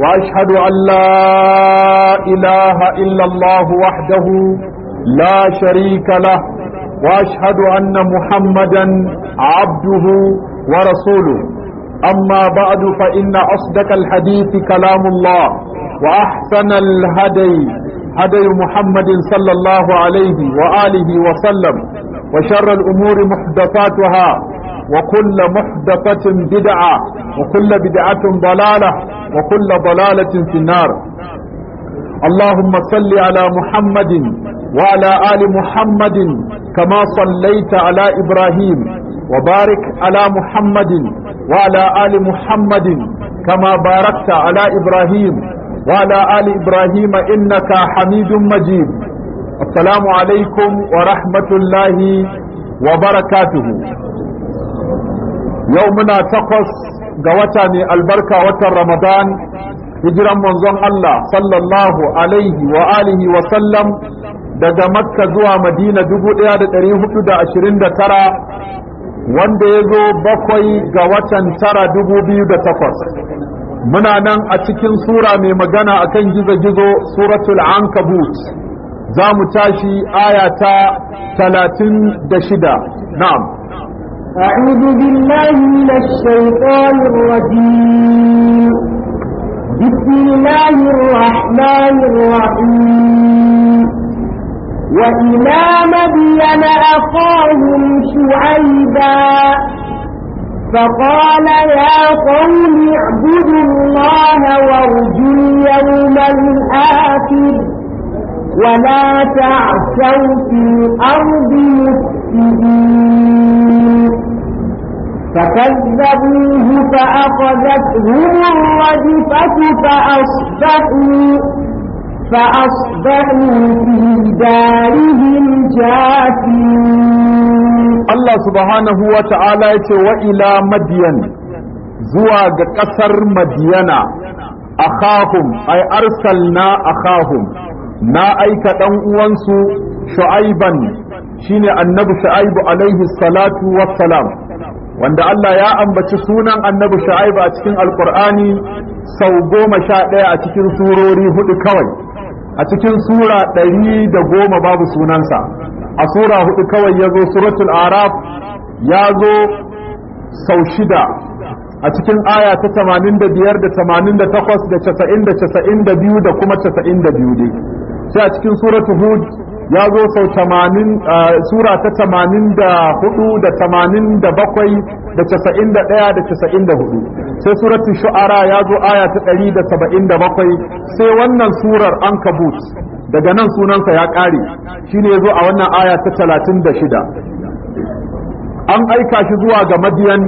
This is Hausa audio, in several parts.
وأشهد أن لا إله إلا الله وحده لا شريك له وأشهد أن محمدا عبده ورسوله أما بعد فإن أصدق الحديث كلام الله وأحسن الهدي هدي محمد صلى الله عليه وآله وسلم وشر الأمور محدثاتها وكل محدثة بدعة وكل بدعة ضلالة وكل ضلالة في النار اللهم صل على محمد وعلى آل محمد كما صليت على إبراهيم وبارك على محمد وعلى آل محمد كما باركت على إبراهيم وعلى آل إبراهيم إنك حميد مجيد السلام عليكم ورحمة الله وبركاته yau muna takwas ga wata mai albarka watan ramadan hijiran manzon Allah sallallahu alaihi wa alihi wa sallam daga makka zuwa madina 1429 wanda ya zo bakwai ga watan tara 2008 muna nan a cikin sura mai magana akan gizo-gizo suratul ankabut za mu tashi aya ta 36 na'am أعوذ بالله من الشيطان الرجيم بسم الله الرحمن الرحيم وإلى مدين أخاهم شعيبا فقال يا قوم اعبدوا الله وارجوا اليوم الآخر ولا تعثوا في الأرض مفسدين فكذبوه فأخذتهم الرجفة فأصبحوا فأصبحوا في دارهم جاثمين الله سبحانه وتعالى وإلى مدين زواج قصر مدينة أخاهم أي أرسلنا أخاهم na aika ɗan uwansu shu'aiban shine annabi shu'aibu alaihi salatu wassalam wanda Allah ya ambaci sunan annabi shu'aib a cikin alqur'ani sau goma sha ɗaya a cikin surori hudu kawai a cikin sura ɗari da goma babu sunansa a sura hudu kawai ya zo suratul araf ya zo sau shida a cikin aya ta tamanin da biyar da tamanin da takwas da casa'in da casa'in da biyu da kuma casa'in da biyu dai sai a cikin suratul hud ya zo sau sura ta tamanin da hudu da tamanin da bakwai da casa'in da ɗaya da casa'in da hudu sai suratun shu'ara ya zo aya ta ɗari da saba'in da bakwai sai wannan surar an kabut daga nan sunansa ya ƙare shine ya zo a wannan aya ta talatin da shida an aika shi zuwa ga madiyan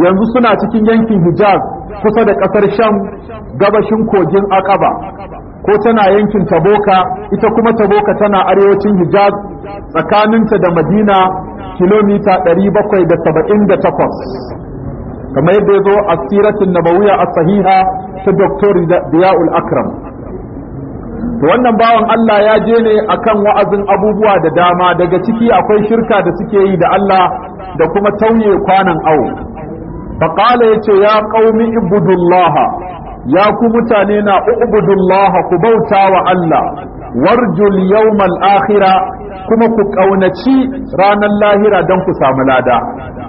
yanzu suna cikin yankin hijaz kusa da ƙasar sham gabashin kogin akaba ko tana yankin taboka ita kuma taboka tana arewacin hijaz tsakaninta da madina kilomita 778 kamar yadda ya zo a siratin nabawiya a sahiha ta doktor diya'ul akram to wannan bawan Allah ya je ne akan wa'azin abubuwa da dama daga ciki akwai shirka da suke yi da Allah da kuma tauye kwanan awo ya yace ya qaumi ibudullaha ya ku mutane na ubudullah ku bauta wa Allah warjul yawmal akhira kuma ku kaunaci ranar lahira don ku samu lada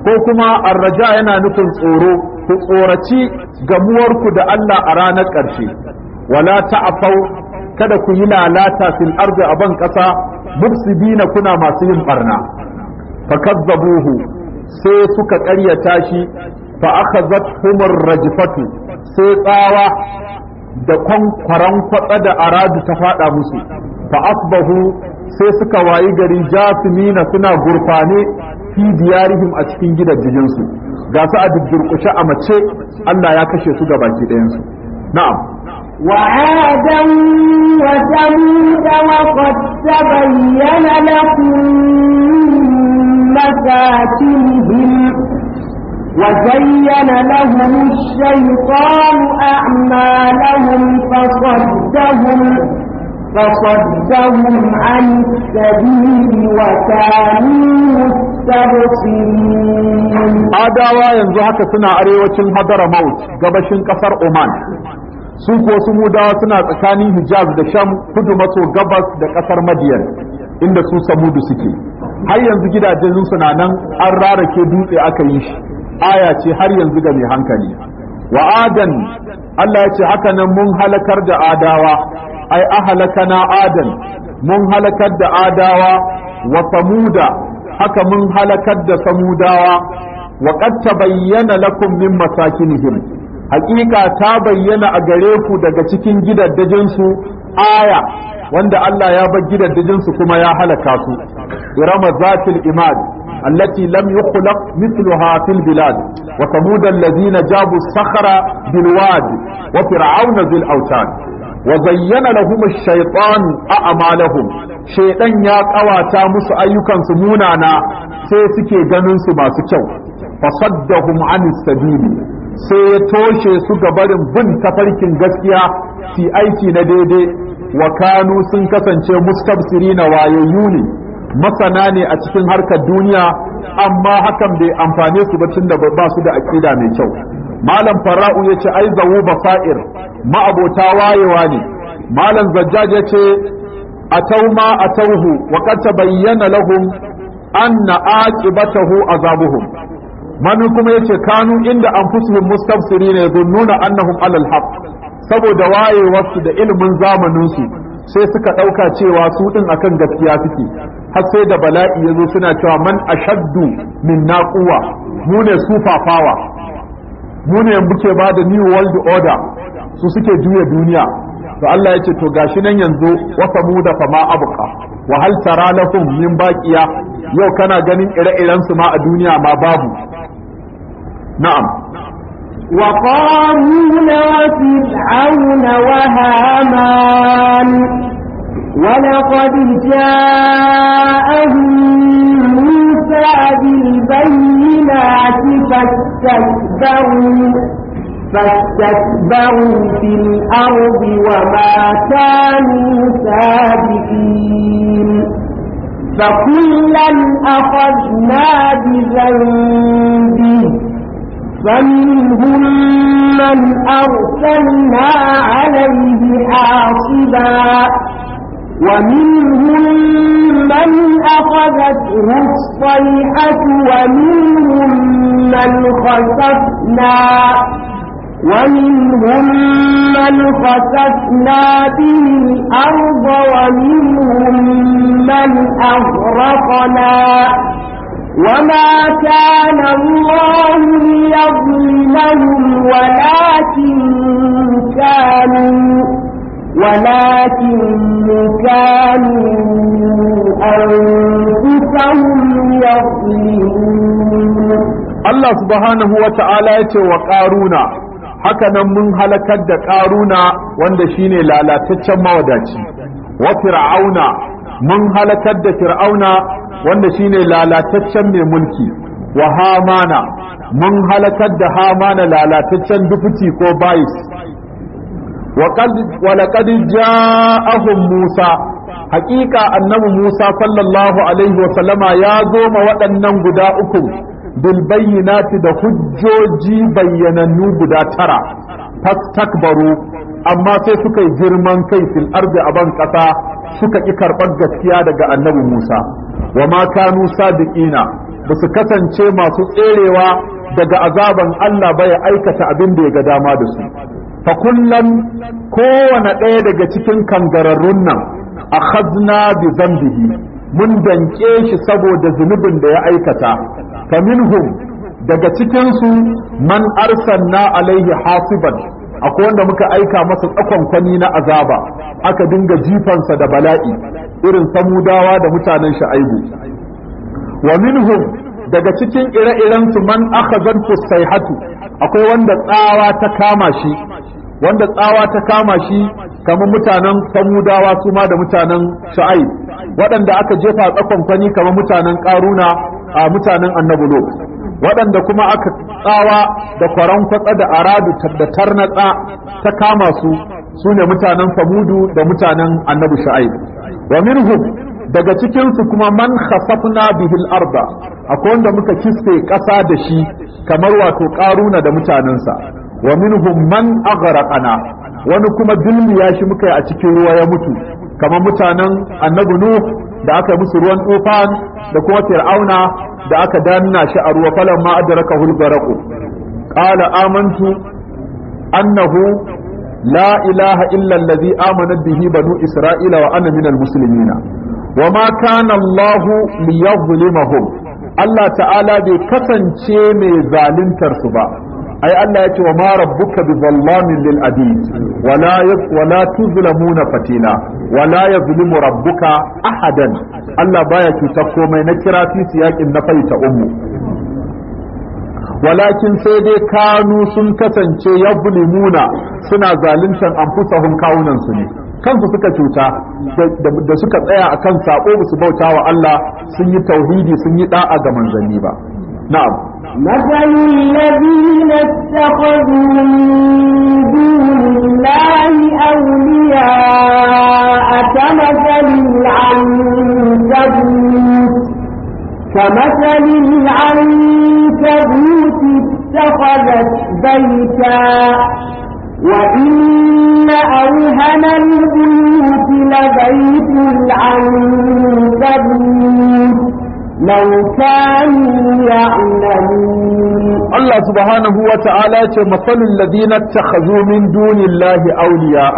ko kuma arraja yana nufin tsoro ku tsoraci gamuwarku da Allah a ranar ƙarshe wala afau, kada ku yi lalata fil ardi a ban ƙasa mufsidina kuna masu yin barna fakazzabuhu sai suka ƙaryata shi fa aka humur rajifatu. sai tsawa da kwankwaran kwatsa da aradu ta fada musu fa asbahu sai suka wayi gari jasimina suna gurfane fi diyarihim a cikin gidajen su ga su a durkushe a mace Allah ya kashe su gabaki ɗayan su na'am وعادا وثمود وقد تبين لكم مساكنهم وزين لهم الشيطان أعمالهم فصدهم فصدهم عن السبيل وكانوا مستبصرين أداوا ينزو هكا سنة أريوة هدر موت قبشن كفر أمان sun ko su mudawa suna tsakanin hijaz da sham kudu maso gabas da kasar madiyan inda su samudu suke har yanzu gidajen su na nan an rarake dutse aka yi shi aya ce har yanzu ga mai hankali wa adan Allah ya ce haka nan mun halakar da adawa ai ahalakana adan mun halakar da adawa wa samuda haka mun halakar da samudawa wa qad tabayyana lakum min masakinihim hakika ta bayyana a gare ku daga cikin su aya wanda Allah ya bar gidaddajinsu kuma ya halaka su irama zatil imad التي لم يخلق مثلها في البلاد وثمود الذين جابوا الصخر بالواد وفرعون ذي الأوتاد وزين لهم الشيطان أعمالهم شيطان يا قواتا مس أيكا سمونانا سيسكي جنن سما سكو فصدهم عن السبيل sai ya toshe su gabarin bin tafarkin gaskiya fi aiki na daidai wa kanu sun kasance mustabsiri na wayayyu ne masana ne a cikin harkar duniya amma hakan bai amfane su ba tun da ba su da aƙida mai kyau malam fara'u ya ce ai zawu basair ma'abota wayewa ne malam zajjaj ya ce a ma atauhu wa qad tabayyana lahum anna aqibatahu azabuhum manu kuma yace kanu inda an anfusuhum mustafsirina nuna annahum alal Haq saboda wayewarsu da ilimin zamaninsu sai suka ɗauka cewa su ɗin akan gaskiya suke har sai da bala'i ya zo suna cewa man ashaddu min naquwa mu ne sufafawa mu ne muke ba da new world order su suke juya duniya to Allah ya ce to gashi nan yanzu wa famu da ma abuka, wa hal tara lahum min baqiya yau kana ganin ire-iren su ma a duniya ma babu na'am wa qaruna fir'auna wa ولقد جاءهم موسى بالبينات فاستكبروا فاستكبروا في الأرض وما كانوا سابقين فكلا أخذنا بذنبه فمنهم من أرسلنا عليه حاصبا ومنهم من أخذته الصيحة ومنهم من خسفنا ومنهم من خسفنا به الأرض ومنهم من أغرقنا وما كان الله ليظلمهم ولكن كانوا ولكن كانوا أنفسهم يظلمون Allah subhanahu wa ta'ala ya ce wa ƙaruna, haka nan mun halakar da ƙaruna wanda shine lalataccen mawadaci, wa fir'auna mun halakar da fir'auna wanda shine lalataccen mai mulki, wa hamana mun halakar da hamana lalataccen dufuci ko bayis ولقد جاءهم موسى حقيقة أنه موسى صلى الله عليه وسلم يا زوم وأنم بداؤكم بالبينات ده حجوجي بيننو بدا ترى فاستكبروا أما سيسك جرمان كي في الأرض أبان كتا سك إكربان جسكيا دقاء النبي موسى وما كانوا صادقين بس كسن شيء ما سئلوا daga azaban Allah baya aikata abin da ya ga dama da su fa kullan kowane ɗaya daga cikin kangararrun nan a khazna bi zambihi mun danke shi saboda zunubin da ya aikata fa minhum daga cikin su man arsalna alaihi hasiban akwai wanda muka aika masa tsakon kwani na azaba aka dinga jifansa da bala'i irin samudawa da mutanen sha'aibu wa minhum daga cikin ire-iren su man akhazan fusaihatu akwai wanda tsawa ta kama shi wanda tsawa ta kama shi kamar mutanen samudawa su ma da mutanen sha'ai waɗanda aka jefa tsakon fani kamar mutanen ƙaruna a mutanen annabulo waɗanda kuma aka tsawa da kwaran kwatsa da aradu da tarnatsa ta kama su su ne mutanen samudu da mutanen annabi sha'ai wa minhum daga cikinsu kuma man khasafna bihil arba. akwai wanda muka kisfe ƙasa da shi kamar wato ƙaruna da mutanensa wa minhum man aghraqana wani kuma ya shi muka yi a cikin ruwa ya mutu kamar mutanen annabi nuh da aka musu ruwan tufan da kuma fir'auna da aka danna shi a ruwa falan ma adraka hulgaraku qala amantu annahu la ilaha illa allazi amana bihi banu isra'ila wa ana minal muslimina wa ma kana allah Allah ta'ala bai kasance mai zaluntar su ba ai Allah ya ce wa ma rabbuka bi zallamin lil abid wala yas wala tuzlamuna fatila wala yazlimu rabbuka ahadan Allah baya cutar komai na kira fi siyakin na faita ummu walakin sai dai kanu sun kasance yazlimuna suna zaluntar anfusahum kawunan su ne kansu suka cuta da suka tsaya a kan sako su bauta wa Allah sun yi tauhidi sun yi da'a ga manzanni ba na'am مثل الذين اتخذوا من دون الله أولياء كمثل العنكبوت كمثل العنكبوت اتخذت بيتا وإن أوهن البيوت لبيت العنكبوت لو كانوا يعلمون الله سبحانه وتعالى مثل الذين اتخذوا من دون الله أولياء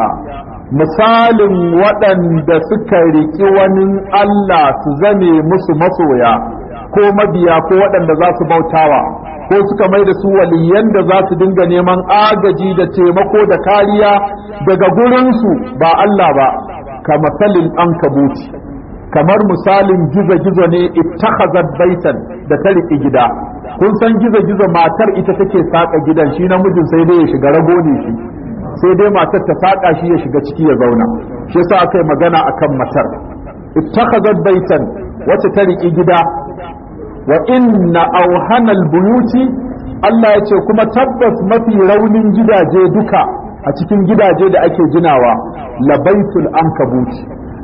misalin waɗanda suka riƙi wani Allah su zame musu masoya ko mabiya ko waɗanda za su bautawa ko suka mai da su waliyan da za su dinga neman agaji da taimako da kariya daga gurinsu ba Allah ba ka masalin an kabuti kamar misalin gizo-gizo ne ittakhazat baitan da ta riki gida kun san gizo-gizo matar ita take saka gidan shi namijin sai dai ya shiga rago ne shi sai dai matar ta saka shi ya shiga ciki ya zauna shi yasa aka magana akan matar ittakhazat baitan wacce ta riƙe gida wa inna auhanal buyuti Allah ya ce kuma tabbas mafi raunin gidaje duka a cikin gidaje da ake ginawa labaitul ankabut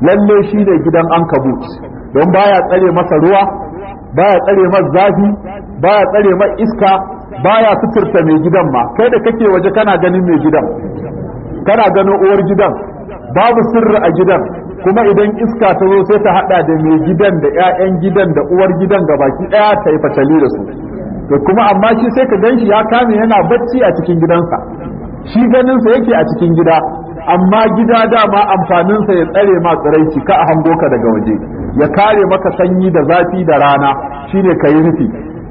lalle shi ne gidan ankabut don baya tsare masa ruwa baya tsare masa zafi baya tsare masa iska baya suturta mai gidan ma kai da kake waje kana ganin mai gidan kana ganin uwar gidan babu sirri a gidan kuma idan iska ta zo sai ta hada da mai gidan da 'ya'yan gidan da uwar gidan ga baki ɗaya ta yi fatali da su to kuma amma shi sai ka ganshi ya kame yana bacci a cikin gidansa shi ganinsa yake a cikin gida amma gida dama amfaninsa ya tsare ma tsiraici ka a hango ka daga waje ya kare maka sanyi da zafi da rana shine ka yi rufi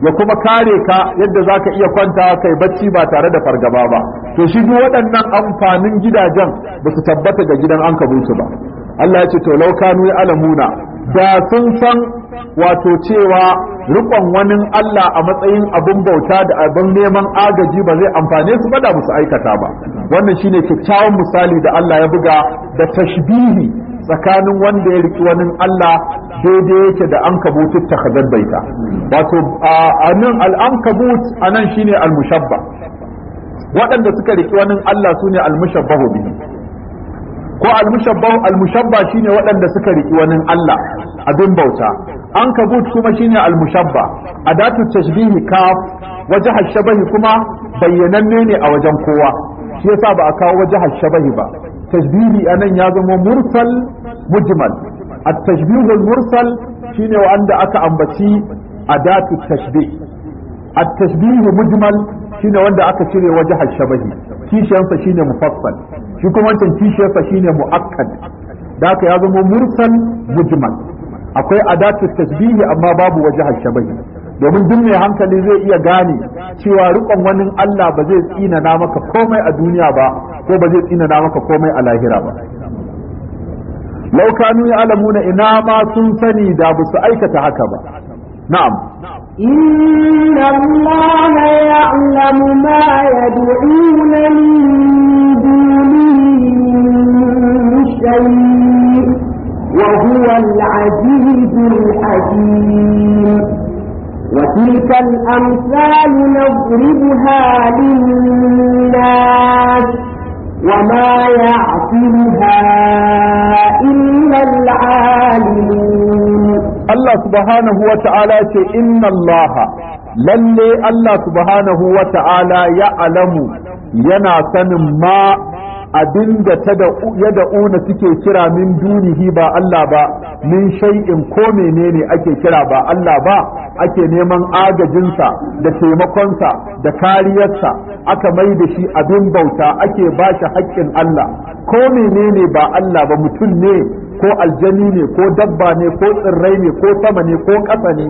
ya kuma kare ka yadda za ka iya kwanta kai bacci ba tare da fargaba ba to shi duk waɗannan amfanin gidajen ba su tabbata ga gidan an kabutu ba Allah ya ce to laukanu ya alamuna da sun san wato cewa rikon wani Allah a matsayin abin bauta da abin neman agaji ba zai amfane su ba da musu aikata ba wannan shine kyakkyawan misali da Allah ya buga da tashbihi tsakanin wanda ya riki wani Allah daidai yake da an kabutu ta baita wato a nan kabut a nan shine al-mushabba waɗanda suka riki wani Allah su ne al mushabba bihi ko al almushabba shine waɗanda suka riki wani Allah abin bauta an kabut kuma shine almushabba mushabba adatu tashbihi kaf wajha shabahi kuma bayyananne ne a wajen kowa shi yasa ba a kawo wajha shabahi ba tashbihi anan ya zama mursal mujmal at-tashbihu mursal shine wanda aka ambaci adatu tashbih at-tashbihu mujmal shine wanda aka cire wajha shabahi kishiyansa shine mufassal shi kuma wancan kishiyarsa shine muakkad da haka ya zama mursal mujmal akwai adatu tasbihi amma babu wajha shabahi domin duk mai hankali zai iya gane cewa rikon wani Allah ba zai na maka komai a duniya ba ko ba zai na maka komai a lahira ba Laukanu kanu na ina ma sun sani da ba su aikata haka ba na'am إن الله يعلم ما يدعون من دونه من شيء وهو العزيز الحكيم وتلك الأمثال نضربها للناس وما يعقلها subhanahu wa ta'ala ce inna Allah lalle Allah subhanahu wa ta'ala ya alamu yana sanin ma abin da ta da ya una suke kira min dunihi ba Allah ba min shay'in ko menene ake kira ba Allah ba ake neman agajinsa da taimakonsa da kariyarsa aka mai da shi abin bauta ake ba shi haƙƙin Allah ko menene ba Allah ba mutum ne ko aljani ne ko dabba ne ko tsirrai ne ko sama ne ko ƙasa ne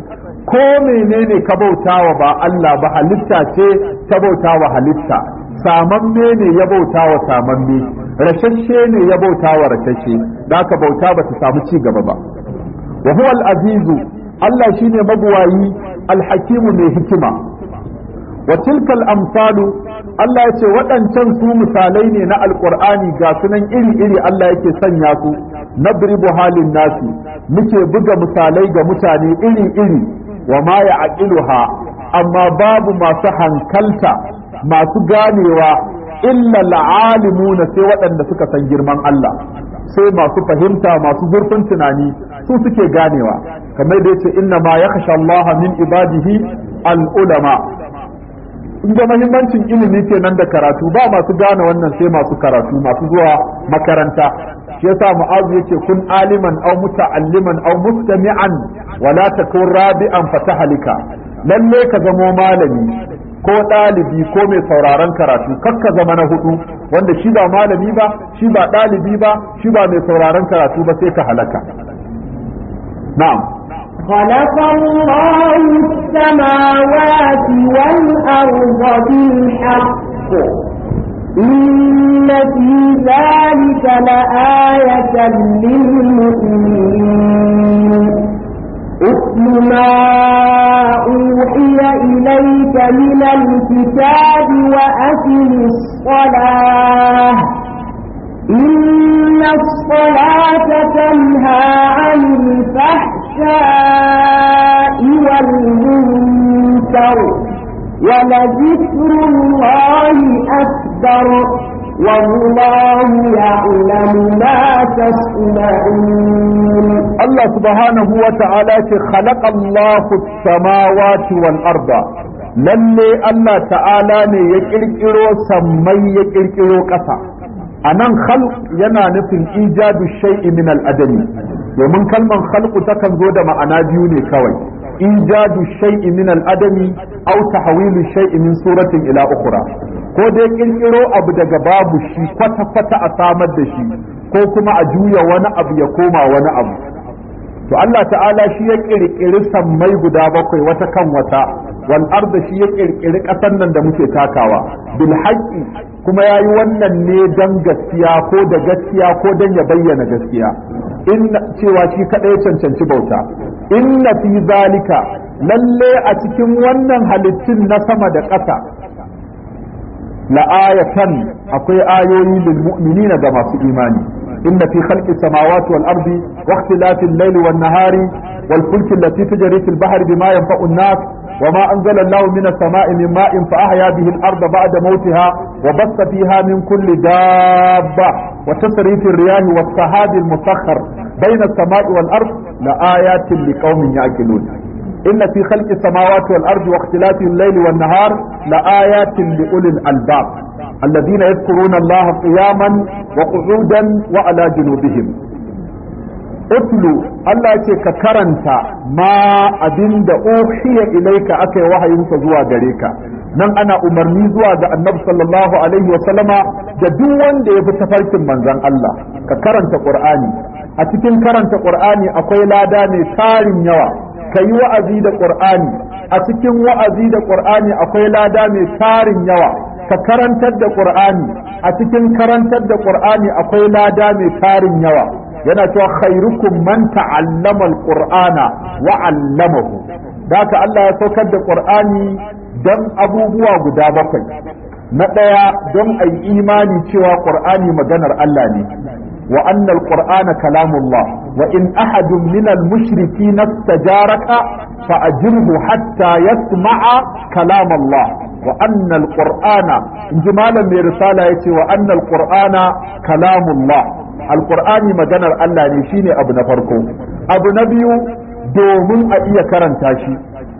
ko menene ka bautawa ba Allah ba halitta ce ta bautawa halitta samamme ne ya bautawa samamme rashashe ne ya bautawa rashashe da ka bauta ba ta samu ci gaba ba wa huwa al-azizu Allah shine magwayi al-hakimu mai hikima wa tilkal amsalu Allah ya ce waɗancan su misalai ne na alƙur'ani ga sunan iri-iri Allah yake sanya su na biribu halin nasi muke buga misalai ga mutane iri-iri wa ma ya iluha, amma babu masu hankalta masu ganewa illa na sai waɗanda suka san girman Allah sai masu fahimta masu zurfin tunani su suke ganewa kamar da yace inna ma kashe Allah min ibadihi al ulama In ga mahimmancin ilimi nan da karatu ba masu gane wannan sai masu karatu masu zuwa makaranta shi yasa mu'azu yace kun aliman aw muta'alliman aw mustami'an wala takun rabi'an fatahalika lalle ka zamo malami ko ɗalibi ko mai sauraron karatu kakka zama na hudu wanda shi ba malami ba shi ba ɗalibi ba shi ba mai sauraron karatu ba sai ka halaka na'am خلق الله السماوات والأرض بالحق إن في ذلك لآية للمؤمنين اتل ما أوحي إليك من الكتاب وأكل الصلاة إن الصلاة تنهى عن الفحشاء تَوْا وَلَذِكْرُ اللَّهِ أَكْبَرُ وَاللَّهُ يَعْلَمُ مَا تَصْنَعُونَ الله سبحانه وتعالى خلق الله السماوات والأرض lalle Allah ta'ala ne ya kirkiro sammai ya kirkiro ƙasa a nan khalq yana nufin ijadu shay'i min al-adami domin kalman khalqu takan zo da ma'ana biyu ne kawai ijadu shay'in min al-adami aw tahwilu shay'in min suratin ila ukhra ko dai kirkiro abu daga babu shi kwata kwata a samar da shi ko kuma a juya wani abu ya koma wani abu to Allah ta'ala shi ya kirkiri sammai guda bakwai wata kan wata wal arda shi ya kirkiri kasan nan da muke takawa bil haqqi kuma yayi wannan ne dan gaskiya ko da gaskiya ko dan ya bayyana gaskiya in cewa shi kadai cancanci bauta inna fi zalika lalle a cikin wannan halittun na sama da ƙasa la ayatan akwai ayoyi lil mu'minina ga masu imani inna fi khalqi samawati wal ardi wa ikhtilafil layli wan nahari wal fulki allati tajri fil bahri bima yanfa'u an-nas وما أنزل الله من السماء من ماء فأحيا به الأرض بعد موتها وبث فيها من كل دابة وتصريف الرياح والسحاب المسخر بين السماء والأرض لآيات لقوم يعقلون إن في خلق السماوات والأرض واختلاف الليل والنهار لآيات لأولي الألباب الذين يذكرون الله قياما وقعودا وعلى جنوبهم اتلو الله يتي ككرنت ما أبند أوحي إليك أكي وحي ينسى زوا nan ana umarni zuwa ga annabi sallallahu alaihi wa sallama da duk wanda ya fi tafarkin manzon Allah ka karanta qur'ani a cikin karanta qur'ani akwai lada mai tarin yawa Ka yi wa'azi da qur'ani a cikin wa'azi da qur'ani akwai lada mai tarin yawa ka karantar da qur'ani a cikin karantar da qur'ani akwai lada mai tarin yawa yana cewa khairukum man ta'allama al-qur'ana wa 'allamahu da haka Allah ya saukar da Qur'ani don abubuwa guda bakwai na ɗaya don a yi imani cewa Qur'ani maganar Allah ne wa annal Qur'ana kalamullah wa in ahadun minal mushriki nastajaraka fa ajirhu hatta yasma'a kalamallah wa annal Qur'ana inji malam mai risala yace wa annal Qur'ana kalamullah alqur'ani maganar Allah ne shine abu na farko abu na biyu domin a iya karanta shi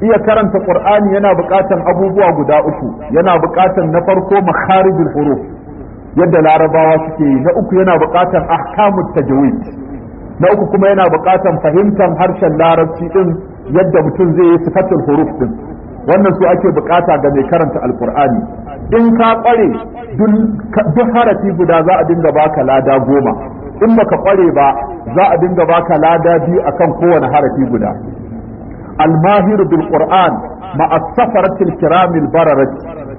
iya karanta qur'ani yana buƙatan abubuwa guda uku yana buƙatan na farko makharijul huruf yadda larabawa suke yi na uku yana buƙatan ahkamut tajwid na uku kuma yana buƙatan fahimtar harshen larabci din yadda mutum zai yi sifatul huruf din wannan su ake buƙata ga mai karanta alqur'ani in ka kware duk harafi guda za a dinga baka lada goma in baka kware ba za a dinga baka lada biyu a kan kowane harafi guda al-mahir bil qur'an ma'a safarat al-kiram al-bararat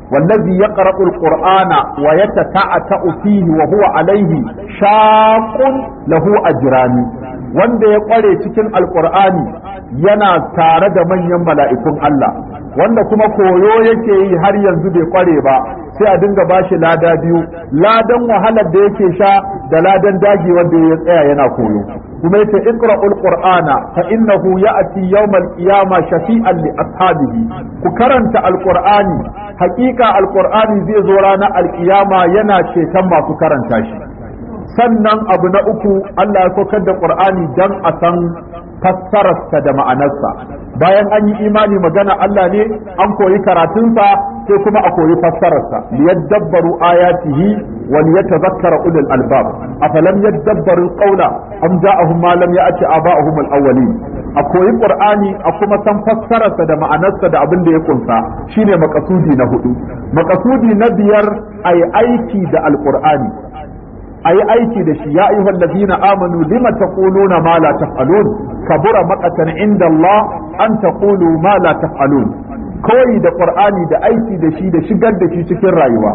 والذي يقرا القران ويتتعتع alaihi وهو عليه شاق له اجران wanda ya kware cikin alkur'ani yana tare da manyan mala'ikun Allah wanda kuma koyo yake yi har yanzu bai kware ba sai a dinga bashi lada biyu ladan wahalar da yake sha da ladan dagi wanda ya tsaya yana koyo kuma yace iqra'ul qur'ana fa innahu ya'ti yawmal qiyamah shafi'an li ashabihi ku karanta alqur'ani hakika alqur'ani zai zo ranar alqiyama yana ceton masu karanta shi sannan abu na uku Allah ya saukar da Qur'ani dan a san fassararsa da ma'anarsa bayan an yi imani magana Allah ne an koyi karatunsa sai kuma a koyi fassararsa liyadabbaru ayatihi wa liyatadhakkara ulul albab afalam yadabbaru qawla am ja'ahum ma lam ya'ti aba'ahum al-awwalin a koyi qur'ani a kuma san fassararsa da ma'anarsa da abin da ya kunsa shine makasudi na hudu makasudi na biyar ai aiki da alqur'ani ayi aiki da shi ya ayyuhal ladina amanu lima taquluna ma la taf'alun kabura maqatan inda Allah an taqulu ma la taf'alun koyi da qur'ani da aiki da shi da shigar da shi cikin rayuwa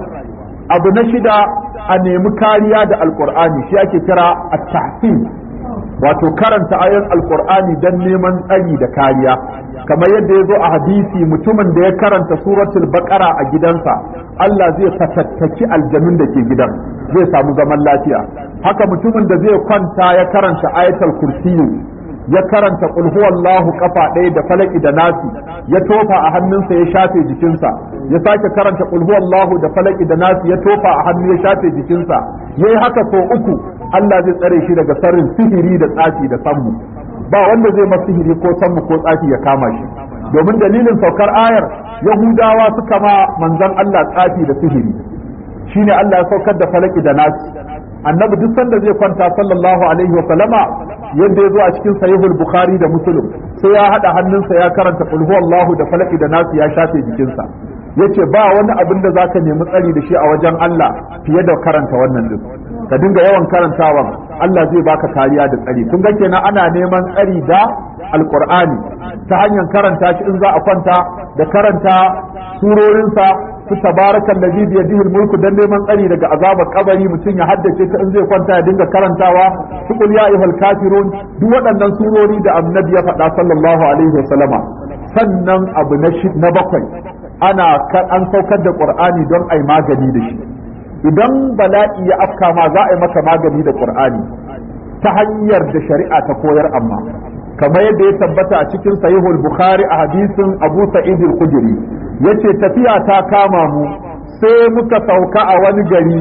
abu na shida a nemi kariya da alqur'ani shi ake kira at wato karanta ayoyin alkur'ani dan neman tsari da kariya kamar yadda ya zo a hadisi mutumin da ya karanta suratul baqara a gidansa Allah zai fatattaki aljanun da ke gidan zai samu zaman lafiya haka mutumin da zai kwanta ya karanta ayatul kursiyu ya karanta qul huwallahu kafa ɗaya da falaki da nasi ya tofa a hannunsa ya shafe jikinsa ya sake karanta qul huwallahu da falaki da nasi ya tofa a hannu ya shafe jikinsa yayi haka ko uku Allah zai tsare shi daga sarrin sihiri da tsafi da sammu ba wanda zai masa sihiri ko sammu ko tsafi ya kama shi domin dalilin saukar ayar yahudawa suka ma manzon Allah tsafi da sihiri shine Allah ya saukar da falaki da nasi annabi duk sanda zai kwanta sallallahu alaihi wa sallama yadda ya zo a cikin sahihul bukhari da muslim sai ya hada hannunsa ya karanta qul huwallahu da falaki da nasi ya shafe jikinsa yace ba wani abin da zaka nemi tsari da shi a wajen Allah fiye da karanta wannan din ka dinga yawan karantawa Allah zai baka kariya da tsari kun ga kenan ana neman tsari da alqur'ani ta hanyar karanta shi in za a kwanta da karanta surorinsa su tabarakan da zai biya dihil mulku dan neman tsari daga azabar kabari mutum ya haddace ta in zai kwanta ya dinga karantawa su kul ya ayyuhal kafirun duk waɗannan surori da annabi ya faɗa sallallahu alaihi wasallama sannan abu na bakwai ana an saukar da qur'ani don ai magani da shi idan bala'i ya afka ma za a yi maka magani da qur'ani ta hanyar da shari'a ta koyar amma kamar yadda ya tabbata a cikin sahihul bukhari a hadisin abu sa'id al-khudri yace tafiya ta kama mu sai muka sauka a wani gari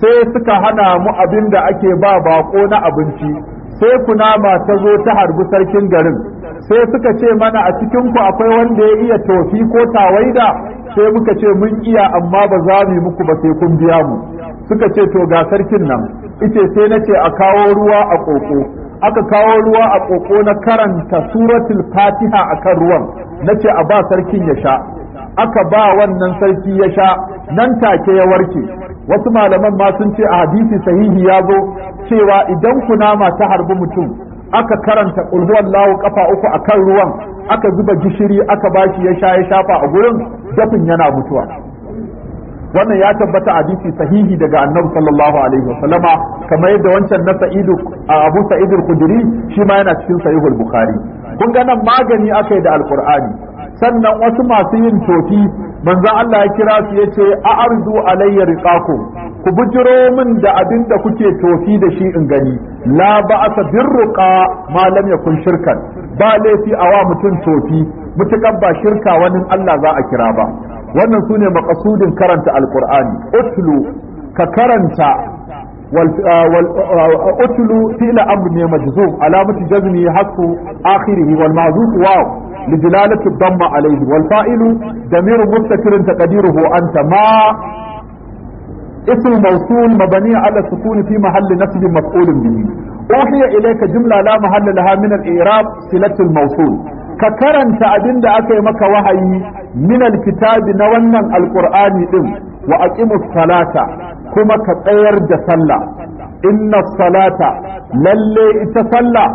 sai suka hana mu abin da ake ba bako na abinci sai kunama ta zo ta harbi sarkin garin sai suka ce mana a cikin ku akwai wanda ya iya tofi ko tawaida sai muka ce mun iya amma ba za mu muku ba sai kun biya mu suka ce to ga sarkin nan ice sai na ce a kawo ruwa a koko aka kawo ruwa a koko na karanta suratul fatiha a kan ruwan na ce a ba sarkin ya sha aka ba wannan sarki ya sha nan take ya warke wasu malaman ma sun ce a hadisi sahihi ya zo cewa idan kunama ta harbi mutum aka karanta ƙulhuwan lawo kafa uku a kan ruwan aka zuba gishiri aka bashi ya sha ya shafa a gurin dafin yana mutuwa wannan ya tabbata a hadisi sahihi daga annabi sallallahu alaihi sallama, kamar yadda wancan na sa'idu abu sa'id al shi ma yana cikin sahihul bukhari kun ga nan magani aka yi da alqur'ani sannan wasu masu yin toti manzon Allah ya kira su yace arzu alayya riqakum ku bujiro min da abin da kuke tofi da shi in gani la ba'asa birruqa ma lam yakun shirkan ba laifi awa mutum tofi mutukan ba shirka wani Allah za a kira ba wannan sune maqasudin karanta alqur'ani utlu ka karanta utlu fi'la amr ne majzum alamatu jazmi hasu akhirih wal ma'zuf wa لدلالة الضمة عليه والفائل ضمير مستتر تقديره أنت ما اسم موصول مبني على السكون في محل نصب مفعول به ka اليك جمله لا محل لها من الاعراب صله الموصول ككرنت ابين da aka yi maka wahayi min kitabi na wannan alqur'ani din wa aqimus salata kuma ka tsayar da sallah inna salata lalle ita sallah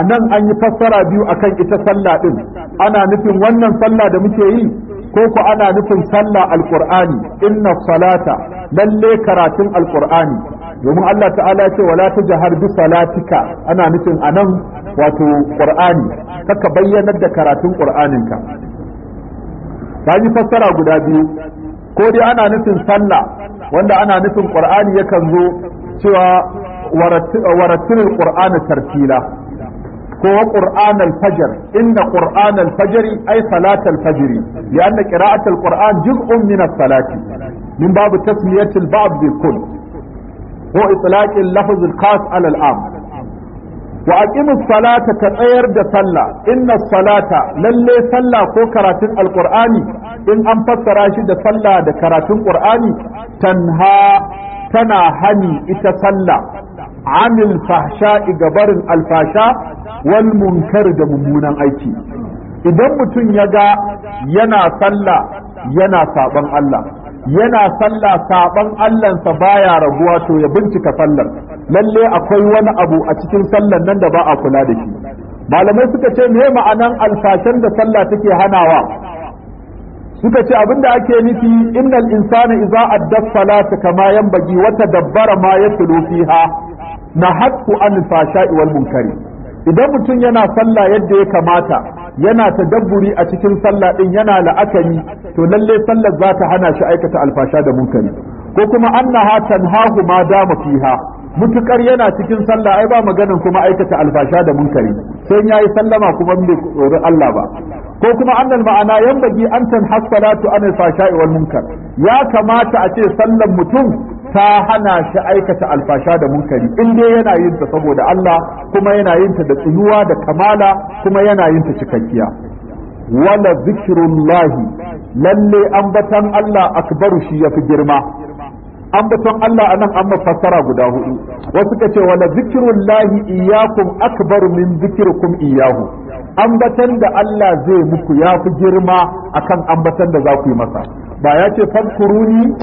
anan an yi fassara biyu akan ita sallah ɗin, ana nufin wannan sallah da muke yi ko ko ana nufin sallah alqur'ani inna salata lalle karatun Alƙur'ani, domin Allah ta'ala ya ce wala tajhar bi salatika ana nufin anan wato qur'ani kaka bayyanar da karatun qur'aninka ta ji fassara guda biyu ko dai ana nufin sallah wanda ana nufin qur'ani yakan zo cewa warattilil ƙur'ani tartila ko qur'an al-fajr inna qur'an al-fajr ay salat al-fajr lianna qira'at al-qur'an juz'un min as-salati min babu tasmiyatil ba'd bil kull ko itlaqil lafz al khas ala al am wa aqimus ka tsayar da sallah inna salata lalle sallah ko karatun alqur'ani in an fassara shi da sallah da karatun Ƙur'ani, tanha tana hani ita sallah anil fahsha'i barin alfasha wal munkar da mummunan aiki idan mutum ya ga yana sallah yana saban Allah yana sallah saban allansa baya raguwa to ya bincika sallar lalle akwai wani abu a cikin sallar nan da ba a kula da shi malamai suka ce me ma'anan alfashen da sallah take hanawa suka ce abinda ake nufi innal insana idza adda salata kama yanbaghi wa tadabbara ma yatlu fiha nahatku an fasha'i wal munkari idan mutum yana sallah yadda ya kamata yana tadabburi a cikin sallah din yana la'akari to lalle sallar za ta hana shi aikata alfasha da munkari ko kuma annaha tanhahu ma dama fiha mutukar yana cikin sallah ai ba maganan kuma aikata alfasha da munkari sai yayi sallama kuma bai tsori Allah ba ko kuma annal ma'ana yan bagi an tanhas salatu anil fasha'i wal munkar ya kamata a ce sallan mutum ta hana shi aikata alfasha da munkari in dai yana yin ta saboda Allah kuma yana yin ta da tsinuwa da kamala kuma yana yin ta cikakkiya wala zikrullahi lalle ambatan Allah akbaru shi yafi girma Ambatan Allah anan an fassara guda hudu wasu ka ce wala zikrullahi iyyakum akbaru min zikrikum iyyahu ambatan da Allah zai muku yafi girma akan ambatan da za ku yi masa ba ya ce fadkuruni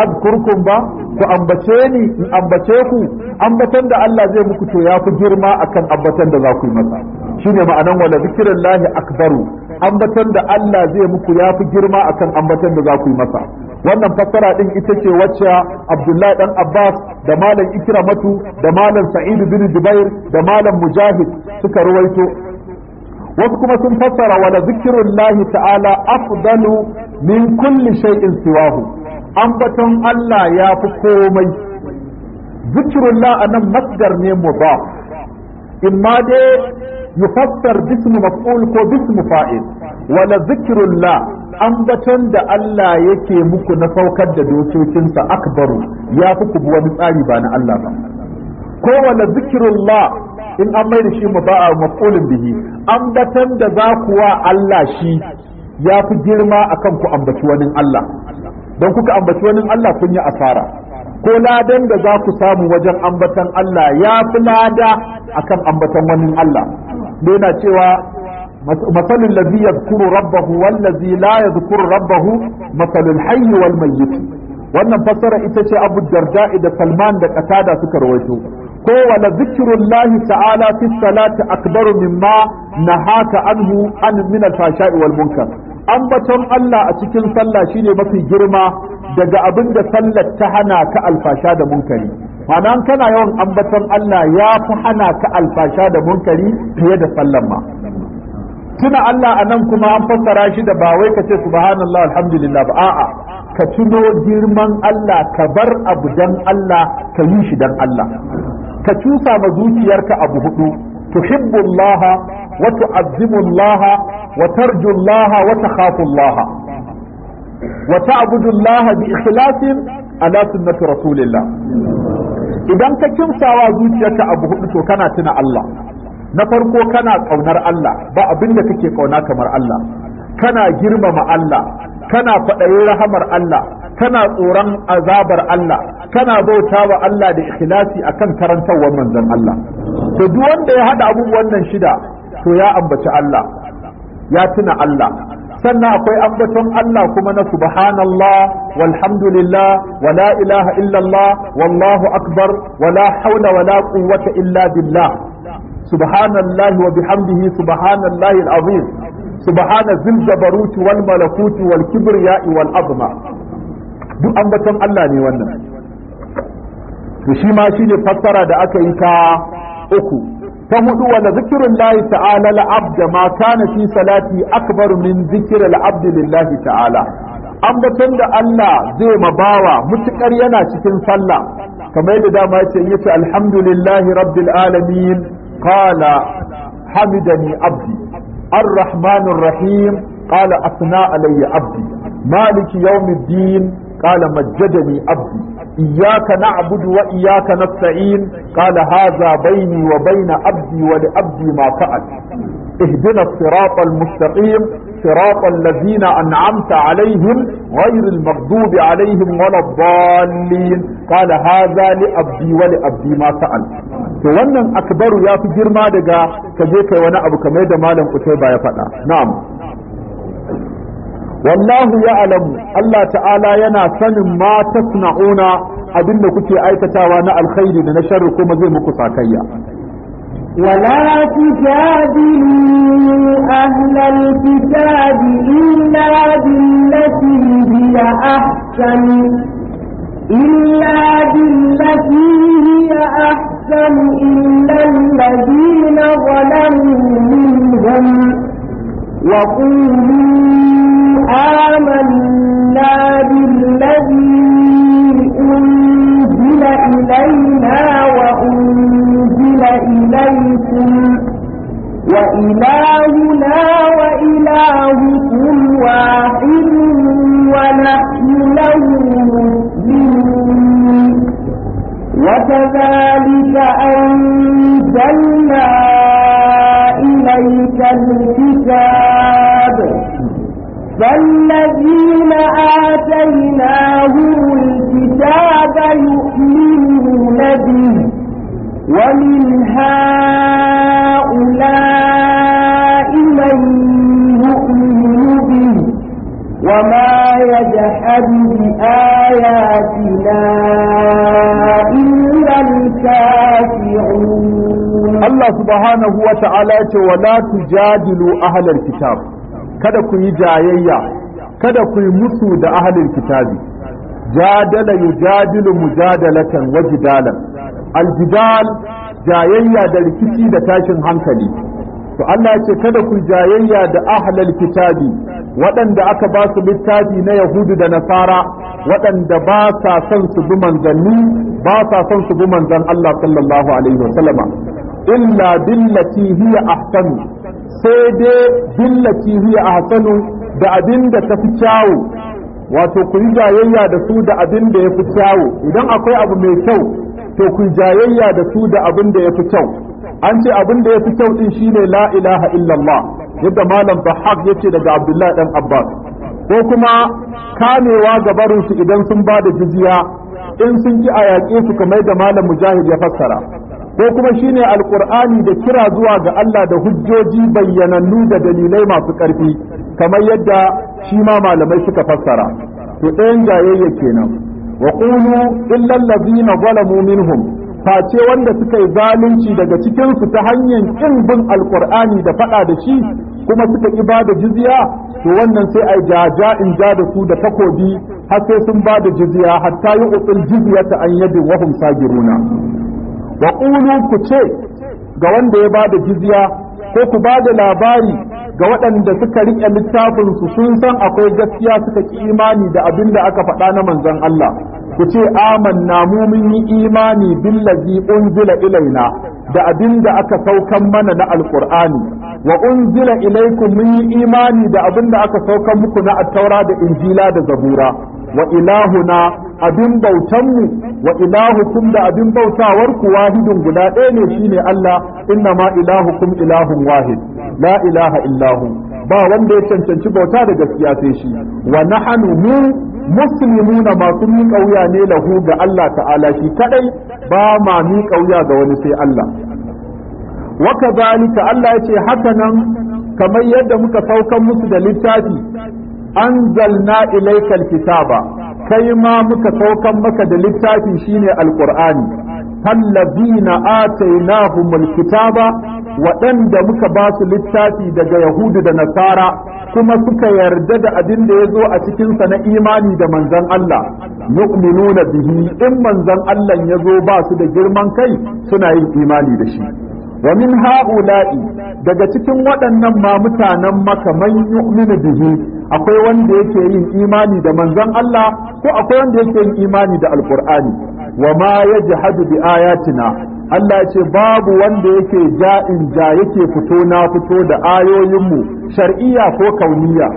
azkurkum ba ku ambace ni in ambace ku ambatan da Allah zai muku to ya fi girma akan ambatan da za ku yi masa shine ma'anan wala zikrullahi akbaru ambatan da Allah zai muku ya fi girma akan ambatan da za ku yi masa wannan fassara din ita ce wacce Abdullahi dan Abbas da malam Ikramatu da malam Sa'id bin Jubair da malam Mujahid suka ruwaito wasu kuma sun fassara wala zikrullahi ta'ala afdalu min kulli shay'in siwahu ambaton Allah ya fi komai zikrullah a nan masdar ne mu ba, in ma dai yufassar bismu maf'ul ko bismu fa'il wala zikrullah ambaton da Allah yake muku na saukar da dokokinsa akbaru ya fi ku wani tsari ba na Allah ba ko wala zikirullah in an mai da shi mu muba'a maf'ulin bihi ambaton da za wa Allah shi ya fi girma akan ku ambaci wani Allah don kuka ambaci wani Allah kun yi asara ko ladan da za ku samu wajen ambatan Allah ya fi lada akan ambatan wani Allah yana cewa masalin lazi yadhkuru rabbahu wallazi la yadhkuru rabbahu masalul hayyi wal mayyit wannan fassara ita ce Abu Darda da Salman da katada suka rawaito ko wala zikrullahi ta'ala fi salati akbaru mimma nahaka anhu an min al-fasha'i wal munkar ambaton Allah a cikin sallah shine mafi girma daga abin da sallar ta hana ka alfasha da munkari ma'ana kana yawan ambaton Allah ya fi hana ka alfasha da munkari fiye da sallar ma tuna Allah a nan kuma an fassara shi da ba wai ka ce subhanallah alhamdulillah ba a'a ka tuno girman Allah ka bar abu dan Allah ka yi shi dan Allah ka cusa ma zuciyarka abu hudu tuhibbullaha wa tu'azzimullaha wa tarju wata wa laha, wata wa ta'budu Allah bi ikhlasin ala sunnati rasulillah idan ka kimsawa zuciyarka abu hudu to kana tuna Allah na farko kana kaunar Allah ba abin da kake ƙauna kamar Allah kana girmama Allah kana faɗayin rahamar Allah kana tsoron azabar Allah kana bauta wa Allah da ikhlasi akan karantarwar manzon Allah to duk wanda ya haɗa abubuwan nan shida to ya ambaci Allah ya tuna Allah sannan akwai ambaton Allah kuma na subhanallah walhamdulillah wala ilaha illallah wallahu akbar wala haula wala quwwata illa billah subhanallahi wa bihamdihi subhanallahi alazim subhana zil jabaruti wal malakuti wal kibriya wal azma duk ambaton Allah ne wannan to shi ma shine fassara da aka yi ta uku ta hudu wa zikirin lahi ta'ala la'abda abd ma kana salati akbar min zikr al lillahi ta'ala ambaton da Allah zai mabawa mutukar yana cikin sallah kamar yadda dama yace yace alhamdulillahi rabbil alamin qala hamidani abdi ar rahim qala asna alayya abdi maliki yawmiddin qala majjadani abdi إياك نعبد وإياك نستعين قال هذا بيني وبين عبدي ولعبدي ما فعل اهدنا الصراط المستقيم صراط الذين أنعمت عليهم غير المغضوب عليهم ولا الضالين قال هذا لأبدي ولأبدي ما سأل wannan akbaru ya fi girma daga kaje kai wani abu kamar da malam kutai ba ya faɗa na'am wallahu ya'lamu Allah ta'ala yana sanin ma tasna'una abinda kuke aikatawa na alkhairi da na sharri kuma zai muku sakayya ولا تجادلوا أهل الكتاب إلا بالتي هي أحسن إلا بالتي هي أحسن إلا الذين ظلموا منهم وقولوا آمنا بالذي أنزل إلينا وأنزل إليكم وإلهنا وإلهكم واحد به ومن هؤلاء من يؤمن به وما يجحد بآياتنا إلا الكافرون الله سبحانه وتعالى ولا تجادلوا أهل الكتاب كذا كي yi كذا كي مسود أهل الكتاب jadala yujadilu mujadalatan wa jidalan aljidal jayayya da rikici da tashin hankali to Allah ce kada ku jayayya da ahlal kitabi waɗanda aka ba su littafi na yahudu da nasara waɗanda ba sa son su bi manzanni ba sa son su bi manzan Allah sallallahu alaihi wasallama illa billati hiya ahsanu sai dai billati hiya ahsanu da abin da tafi kyawu wato ku yi jayayya da su da abin da ya fi kyawu idan akwai abu mai kyau to ku jayayya da su da abin da ya fi kyau an ce abin da ya fi kyau din shine la ilaha illallah yadda malam bahak yace daga abdullahi dan abbas ko kuma kamewa ga barinsu idan sun ba da jijiya in sun ki a yaƙe su kamar da malam mujahid ya fassara ko kuma shine alqur'ani da kira zuwa ga Allah da hujjoji bayyanannu da dalilai masu ƙarfi kamar yadda shi ma malamai suka fassara to ɗayan jayayya kenan wa qulu illa allazina zalamu minhum face wanda suka yi zalunci daga cikin su ta hanyar kin bin alqur'ani da faɗa da shi kuma suka ki ba da jizya to wannan sai ai jaja in ja da su da takobi har sai sun ba da jizya hatta yi uqul jizyata an yadi wa hum sagiruna wa qulu ku ce ga wanda ya ba da jizya ko ku ba da labari ga waɗanda suka riƙe littafinsu, sun san akwai gaskiya suka ki imani da abin da aka faɗa na manzon Allah ku ce amanna mu mun yi imani billazi unzila ilaina da abin da aka saukan mana na alqur'ani wa unzila ilaikum mun yi imani da abin da aka saukan muku na attaura da injila da zabura wa ilahuna abin bautanmu wa ilahukum da abin bautawar ku wahidun guda ɗaya ne shine Allah inna ma ilahukum ilahun wahid la ilaha illahu ba wanda ya cancanci bauta da gaskiya sai shi wa nahnu mu muslimuna masu miƙa wuya ne lahu ga Allah ta'ala shi kadai ba ma miƙa ga wani sai Allah wa kadhalika Allah yace haka nan kamar yadda muka saukan musu da littafi anzalna ilaykal kitaba kai ma muka saukan maka da littafi shine alqur'ani allazina atainahumul kitaba waɗanda muka ba su littafi daga yahudu da nasara kuma suka yarda da abin da ya zo a cikinsa na imani da manzan Allah na bihi in manzan Allah ya zo ba su da girman kai suna yin imani da shi wa min ha'ula'i daga cikin waɗannan ma mutanen maka man yu'minu bihi akwai wanda yake yin imani da manzan Allah ko akwai wanda yake yin imani da alqur'ani wa ma yajhadu bi ayatina Allah ya ce babu wanda yake ja'in ja yake fito na fito da ayoyinmu shar'iyya ko kauniya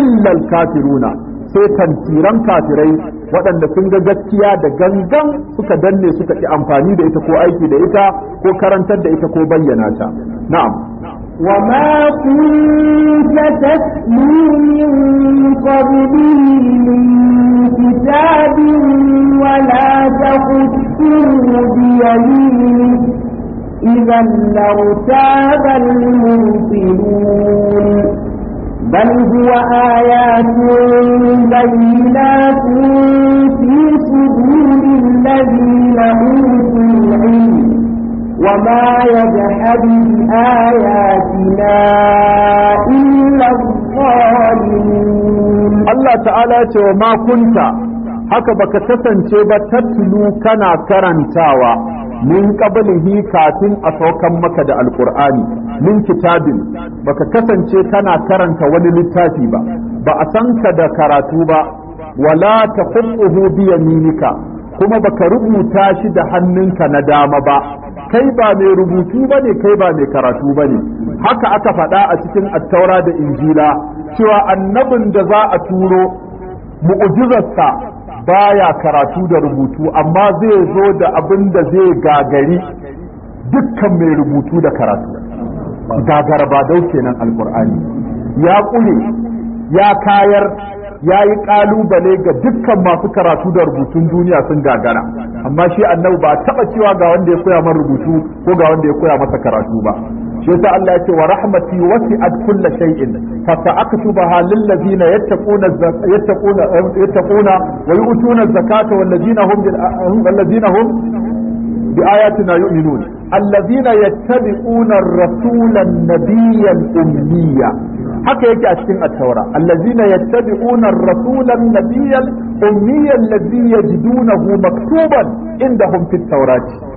illal kafiruna sai tantiran kafirai waɗanda sun ga gaskiya da gangan suka danne suka ki amfani da ita ko aiki da ita ko karantar da ita ko bayyana ta na'am وما كنت تتلو من قبله من كتاب ولا تخطه بيمينك إذا لارتاب المبطلون بل هو آيات بينات في صدور الذين أوتوا العلم وما يجحد بآياتنا إلا الظالمون الله تعالى وما كنت haka baka kasance ba tattulu kana karantawa min qablihi kafin a saukan maka da alqur'ani min kitabin baka kasance kana karanta wani littafi ba ba a san ka da karatu ba wala taqutuhu bi yaminika kuma baka rubuta shi da hannunka na dama ba kai ba mai rubutu bane kai ba mai karatu bane haka aka faɗa a cikin attaura da injila cewa annabin da za a turo mu'ujizarsa baya karatu da rubutu amma zai zo da abin da zai gagari dukkan mai rubutu da karatu gagara ba dau kenan alkur'ani ya kule ya kayar ya yi kalubale ga dukkan masu karatu da rubutun duniya sun gagara amma shi annabi ba taba cewa ga wanda ya koya masa rubutu ko ga wanda ya koya masa karatu ba shi yasa Allah yake wa rahmati wasi'at kull shay'in fa sa'aktubaha lil ladina yattaquna yattaquna yattaquna wa yu'tuna zakata wal ladina hum bil ladina hum bi ayatina yu'minun alladhina yattabi'una ar-rasula an-nabiyya al-ummiyya haka yake a cikin at-taura alladhina yattabi'una ar-rasula an-nabiyya al-ummiyya alladhi yajiduna maktuban indahum fit-taurati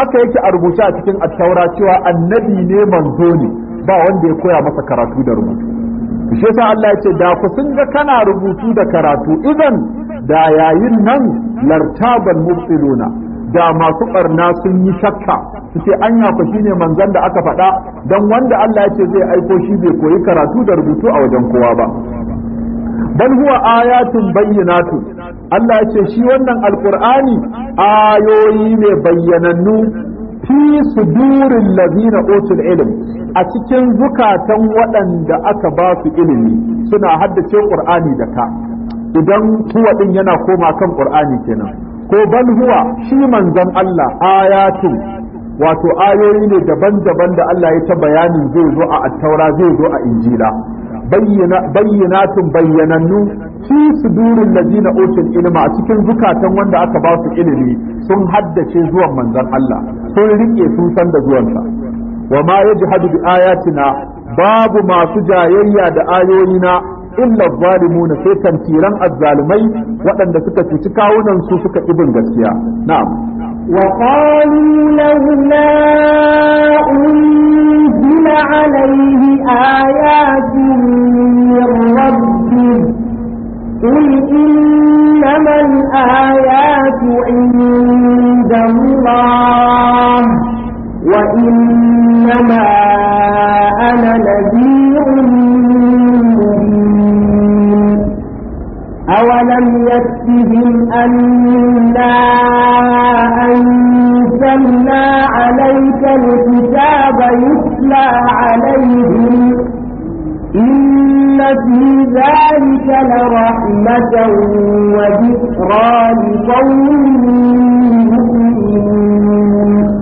haka yake a rubuce a cikin attaura cewa annabi ne manzo ne ba wanda ya koya masa karatu da rubutu shi yasa Allah ya ce da ku sun ga kana rubutu da karatu idan da yayin nan lartaban mubtiluna da masu barna sun yi shakka su ce anya yafa shine ne manzon da aka faɗa don wanda Allah ya ce zai aiko shi bai koyi karatu da rubutu a wajen kowa ba bal huwa ayatun bayyinatu Allah ya ce shi wannan alqur'ani ayoyi ne bayyanannu fi sudurin lazina utul ilm a cikin zukatan waɗanda aka ba su ilimi suna haddace qur'ani da ka idan kuwa din yana koma kan qur'ani kenan ko bal huwa shi manzan Allah ayatun wato ayoyi ne daban-daban da Allah ya ta bayani zai zo a attaura zai zo a injila bayyanatun bayyanannu fi sudurin lazina utul ilima a cikin zukatan wanda aka ba su ilimi sun haddace zuwan manzon Allah sun rike sun san da zuwansa wa ma yajhadu bi ayatina babu masu jayayya da ayoyina illa zalimuna sai tantiran azzalumai waɗanda suka cuci kawunan su suka ibin gaskiya na'am وقالوا لولا أنزل عليه آيات قل إنما الآيات عند الله وإنما أنا نذير أولم يكفهم أنا أنزلنا عليك الكتاب يتلى عليهم إن في ذلك كان رحمة وذكرى لقوم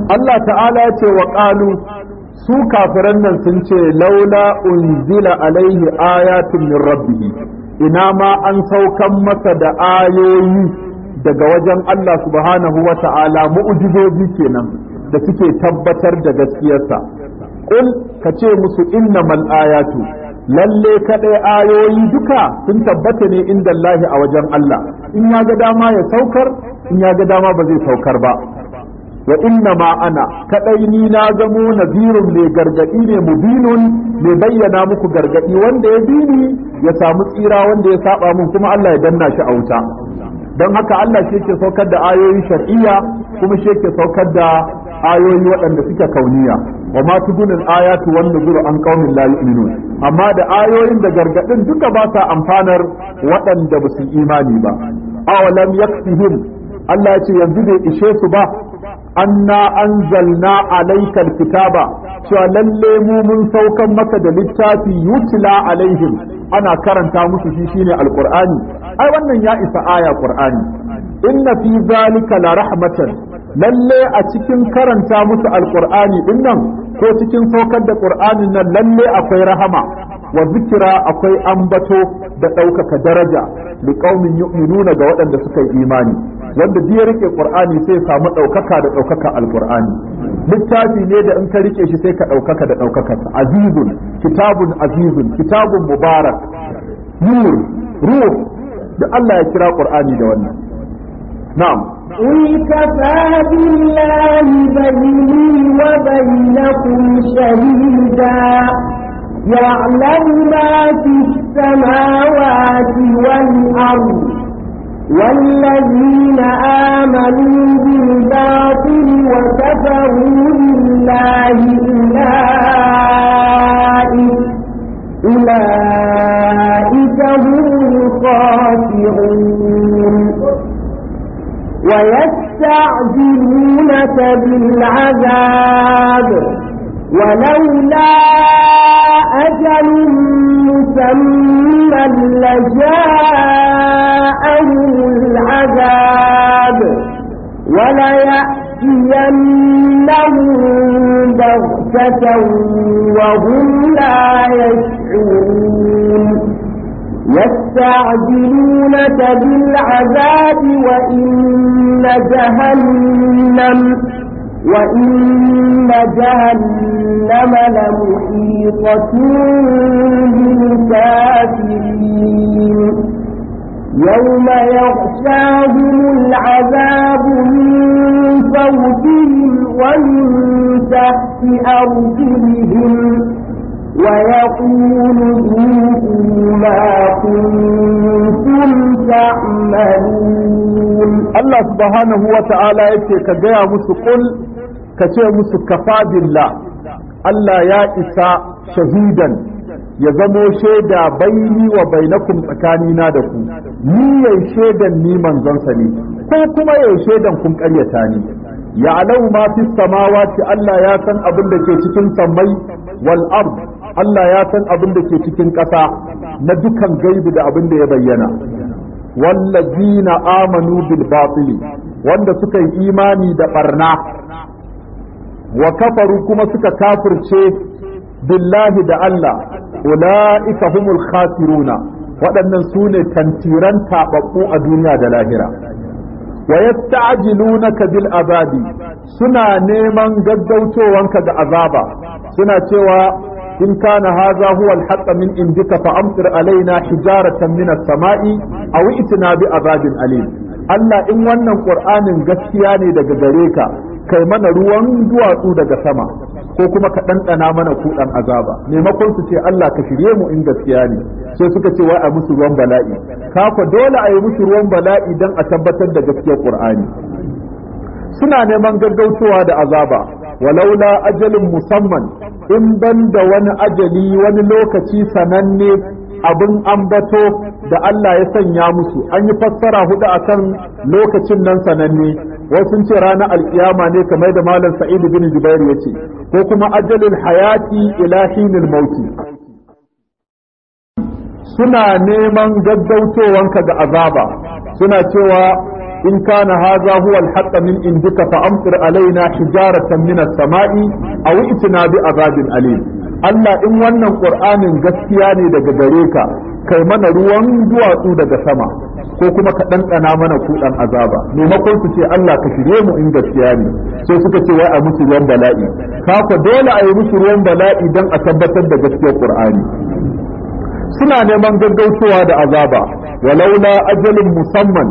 Allah ta'ala ya ce su kafiran nan sun ce laula unzila alaihi ayatun min rabbihi ina ma an saukan masa da ayoyi daga wajen Allah subhanahu wa ta'ala mu'ujizoji kenan da suke tabbatar da gaskiyarsa qul ka ce musu innamal ayatu lalle kaɗai ayoyi duka sun tabbata ne inda Allah a wajen Allah in ya ga dama ya saukar in ya ga dama ba zai saukar ba wa inna ma ana kaɗai ni na zamo nazirun mai gargaɗi ne mubinun mai bayyana muku gargaɗi wanda ya bini ya samu tsira wanda ya saba mun kuma Allah ya danna shi a wuta don haka Allah shi yake saukar da ayoyi shar'iyya kuma shi yake saukar da ayoyi waɗanda suke kauniya wa ma tugunil ayatu wan nuzuru an qaumin la yu'minun amma da ayoyin da gargadin duka ba sa amfanar waɗanda ba su imani ba awalam yakfihim Allah ya ce yanzu bai ishe su ba anna anzalna alayka alkitaba cewa lalle mu mun saukan maka da littafi yutla alaihim ana karanta musu shi shine alqur'ani ai wannan ya isa aya qur'ani inna fi zalika la rahmatan lalle a cikin karanta musu alƙur'ani din nan ko cikin saukar da qur'anin nan lalle akwai rahama wa zikira akwai ambato da ɗaukaka daraja li qaumin yu'minuna ga waɗanda suka yi imani wanda duk ya rike qur'ani sai samu ɗaukaka da ɗaukaka alƙur'ani littafi ne da in ka rike shi sai ka ɗaukaka da ɗaukaka azizun kitabun azizun kitabun mubarak nur ruh da Allah ya kira qur'ani da wannan na'am قل كفى بالله بيني وبينكم شهيدا يعلم ما في السماوات والأرض والذين آمنوا بالباطل وكفروا بالله أولئك أولئك هم الخاسرون لك بالعذاب ولولا أجل مسمى لجاءهم العذاب وليأتينهم بغتة وهم لا يشعرون يستعجلونك بالعذاب وإن جهنم وإن جهنم لمحيطة بالكافرين يوم يغشاهم العذاب من فوقهم ومن تحت أرجلهم ويقول ذوقوا ما كنتم تعملون الله سبحانه وتعالى يتي كجيا مسو قل كجيا مسو كفى بالله الله يا إساء شهيدا ya zamo shaida baini wa bainakum tsakanina da ku ni yai shaidan ni manzonsa ne ko kuma yai shaidan kun ƙaryata ni ya alau ma fi Allah ya san abin da ke cikin sammai wal ard Allah ya san abin da ke cikin ƙasa na dukan gaibi da abin da ya bayyana wallazina amanu bil batili wanda suka yi imani da barna wa kafaru kuma suka kafirce billahi da Allah ula'ika humul khasiruna waɗannan su ne tantiran taɓaɓɓu a duniya da lahira wa yasta'jilunaka bil azabi suna neman gaggautowanka ga azaba suna cewa in kana hadha huwa al-haqq min indika alaina hijaratan min as-sama'i aw itina bi azabin alim Allah in wannan Qur'anin gaskiya ne daga gare ka kai mana ruwan duwatsu daga sama ko kuma ka ɗanɗana mana kuɗan azaba maimakon ce Allah ka shirye mu in gaskiya ne sai suka ce wai a musu ruwan bala'i kafa dole a yi musu ruwan bala'i don a tabbatar da gaskiyar Qur'ani suna neman gaggautowa da azaba walaula ajalin musamman in ban da wani ajali wani lokaci sananne abin ambato da Allah ya sanya musu an yi fassara hudu akan lokacin nan sananne wasu sun ce ranar alkiyama ne kamar da malam sa'id bin jubair ya ce ko kuma ajalin hayati ila hinil mauti suna neman gaggautowanka ga azaba suna cewa in kana hadha huwa al-haqq min indika fa amtir alaina hijaratan min as-sama'i aw itina azabin alim Allah in wannan ƙur'anin gaskiya ne daga gare ka kai mana ruwan duwatsu daga sama ko kuma ka ɗanɗana mana kuɗan azaba maimakon su ce Allah ka shirye mu in gaskiya ne sai suka ce wai a musu ruwan bala'i kaka dole a yi musu ruwan bala'i don a tabbatar da gaskiyar ƙur'ani suna neman gaggaucewa da azaba walaula ajalin musamman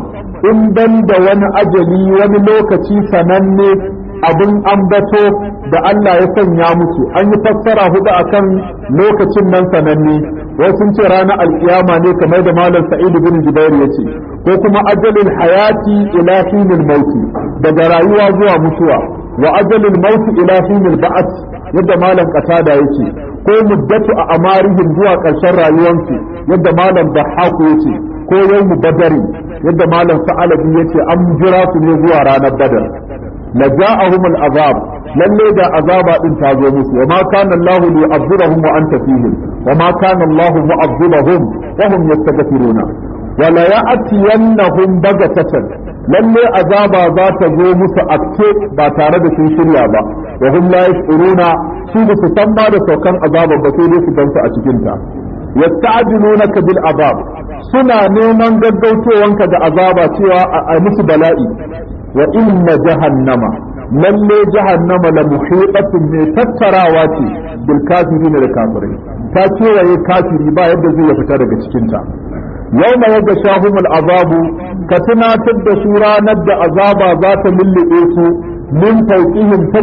in ban da wani ajali wani lokaci sananne abin ambato da Allah ya sanya musu an yi fassara hudu akan lokacin nan sananne wasu sun ce ranar alkiyama ne kamar da malam sa'id bin jubair ya ce ko kuma ajalin hayati ila hinil mauti daga rayuwa zuwa mutuwa wa ajalin mauti ila hinil yadda malam katada yace ko muddatu a amarihim zuwa ƙarshen rayuwarsu yadda malam da haku yake ko yau badari yadda malam sa'alabi ya ce an jira su ne zuwa ranar badar la ja'ahum al-azab lalle da azaba din ta zo musu wa ma kana Allah yu'azzibahum wa anta fihim wa ma kana Allah mu'azzibahum wa hum yastaghfiruna wa la ya'tiyannahum bagatatan lalle azaba za ta zo musu a ba tare da sun shirya ba wa hum la yashuruna su ba su san ba da saukan azaba ba sai dai su gansu a cikin ta yasta'jilunaka bil azab suna neman gaggautowanka da azaba cewa a musu bala'i wa inna jahannama lalle jahannama la muhitatun mai tattarawa ce bil kafirin da kafirai ta ya kafiri ba yadda zai fita daga cikinta yawma yadda shahumul azabu ka tunatar da su ranar da azaba za ta lullube su min fawqihim ta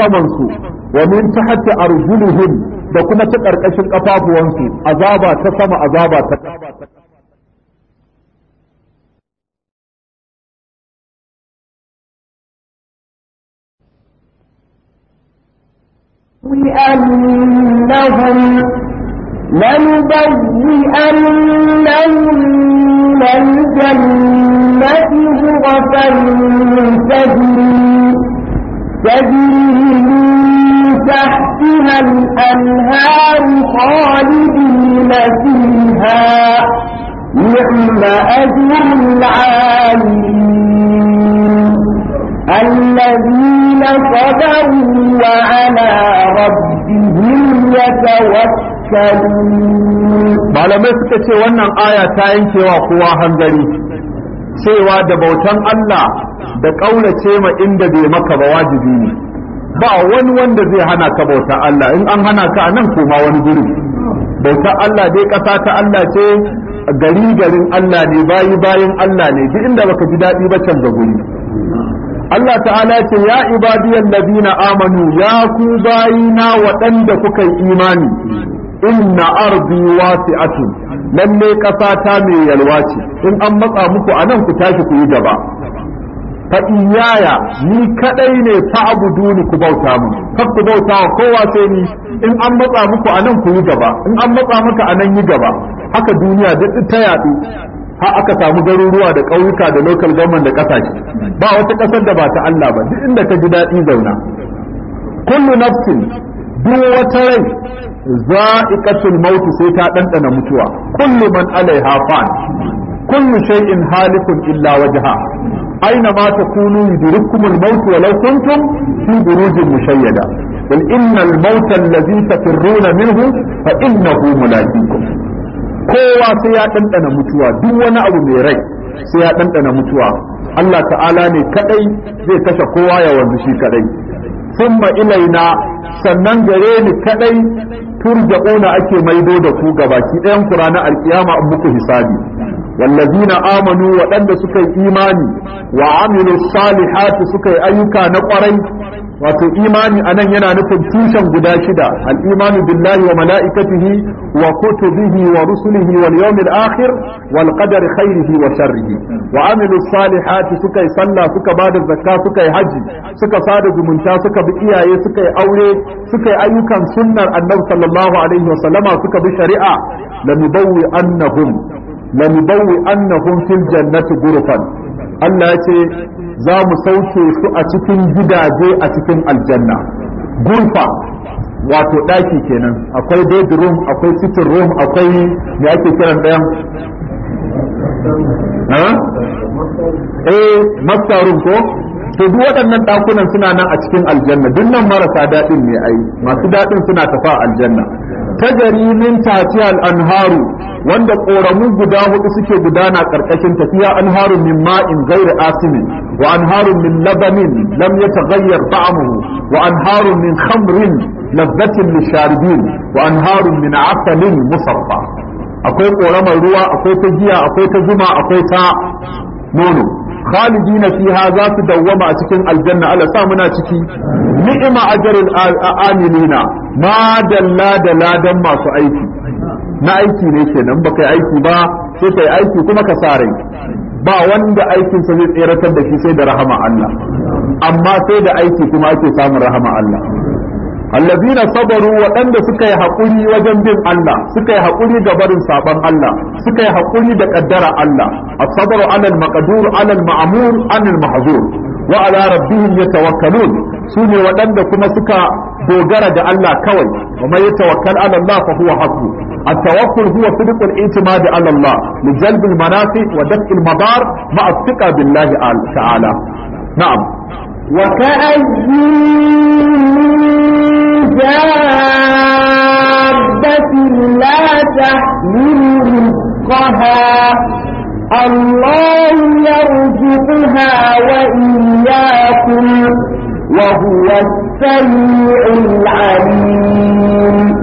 saman su wa min tahti arjulihim da kuma ta karkashin kafafuwansu azaba ta sama azaba ta لأنهم لنبوئنهم من الجنة غرفا تجري تجري من تحتها الأنهار خالدين فيها نعم أجر العالمين الذين صبروا وعلى ربهم يتوكلون malamai suka ce wannan aya ta yankewa kowa hangari cewa da bautan Allah da ƙaurace ma inda bai maka ba wajibi ne ba wani wanda zai hana ka bauta Allah in an hana ka nan koma wani guri bautar Allah dai kasa ta Allah ce gari garin Allah ne bayi bayin Allah ne duk inda baka ji daɗi ba can canza guri Allah ta'ala ce ya ibadiyal ladina amanu ya ku bayina waɗanda kuka yi imani inna ardi wasi'atun lalle ƙasa ta mai yalwa ce in an matsa muku nan ku tashi ku yi gaba fa iyaya ni kadai ne fa abuduni ku bauta mu kar ku bauta wa kowa sai ni in an matsa muku anan ku yi gaba in an matsa a anan yi gaba haka duniya duk ta yaɗu har aka samu garuruwa da ƙauyuka da local government da ƙasashe ba wata ƙasar da ba ta Allah ba duk inda ka ji daɗi zauna kullu nafsin duk wata rai za'iqatul maut sai ta ɗanɗana mutuwa kullu man alaiha fan kullu shay'in halikun illa wajha aina ma takunu yudrikumul maut walau kuntum fi burujin mushayyada qul innal mauta alladhi tafirruna minhu fa innahu mulaqikum kowa sai ya ɗanɗana mutuwa duk wani abu mai rai sai ya ɗanɗana mutuwa Allah ta'ala ne kadai zai kashe kowa ya wanzu shi kadai summa ilaina sannan gare ni kadai turja'una ake maido da ku gabaki ɗayan ku ranar alkiyama an muku hisabi na amanu waɗanda suka yi imani wa amilu salihati suka ayyuka na wato imani anan yana nufin tushen guda shida al imani billahi wa mala'ikatihi wa kutubihi wa rusulihi wal yawmil akhir wal qadar khairihi wa sharrihi wa amilu salihati suka yi sallah suka bada zakka suka yi haji suka sada zumunta suka bi iyaye suka yi aure suka yi ayyukan sunnar annabi sallallahu alaihi wa sallama suka bi shari'a lanubawwi annahum lanubawi annahum fil jannati ghurfan Allah yace za mu sauke su a cikin gidaje a cikin aljanna gurfa wato daki kenan akwai bedroom akwai sitting room akwai me ake kiran ɗayan eh master room ko to duk waɗannan ɗakunan suna nan a cikin aljanna duk nan marasa daɗin ne ai masu daɗin suna tafa aljanna ta gari min tafiya al'anharu wanda ƙoramu guda hudu suke gudana ƙarƙashin tafiya anharu min ma'in gairi asimin wa anharu min labanin lam ya tagayyar ba'amuhu wa anharu min khamrin lazzatin lisharibin wa anharu min asalin musaffa akwai ƙoramar ruwa akwai ta giya akwai ta zuma akwai ta nono khalidin fiha za su dawwama a cikin aljanna Allah sa muna ciki ni'ma ajrul amilina ma dalla da ladan masu aiki na aiki ne kenan baka yi aiki ba sai kai aiki kuma ka sa rai ba wanda aikin zai tseratar da shi sai da rahama Allah amma sai da aiki kuma ake samun rahama Allah allazina sabaru waɗanda suka yi haƙuri wajen bin Allah suka yi haƙuri ga barin saban Allah suka yi haƙuri da ƙaddara Allah as-sabru 'ala al-maqdur 'ala al-ma'mur 'ala al-mahzur wa 'ala rabbihim yatawakkalun sune waɗanda kuma suka dogara da Allah kawai wa man yatawakkal 'ala Allah fa huwa hasbu التوكل هو صدق الاعتماد على الله لجلب المنافع ودفع المضار مع الثقة بالله تعالى نعم وكأي دابة لا تحمل رزقها الله يرزقها وإياكم وهو السميع العليم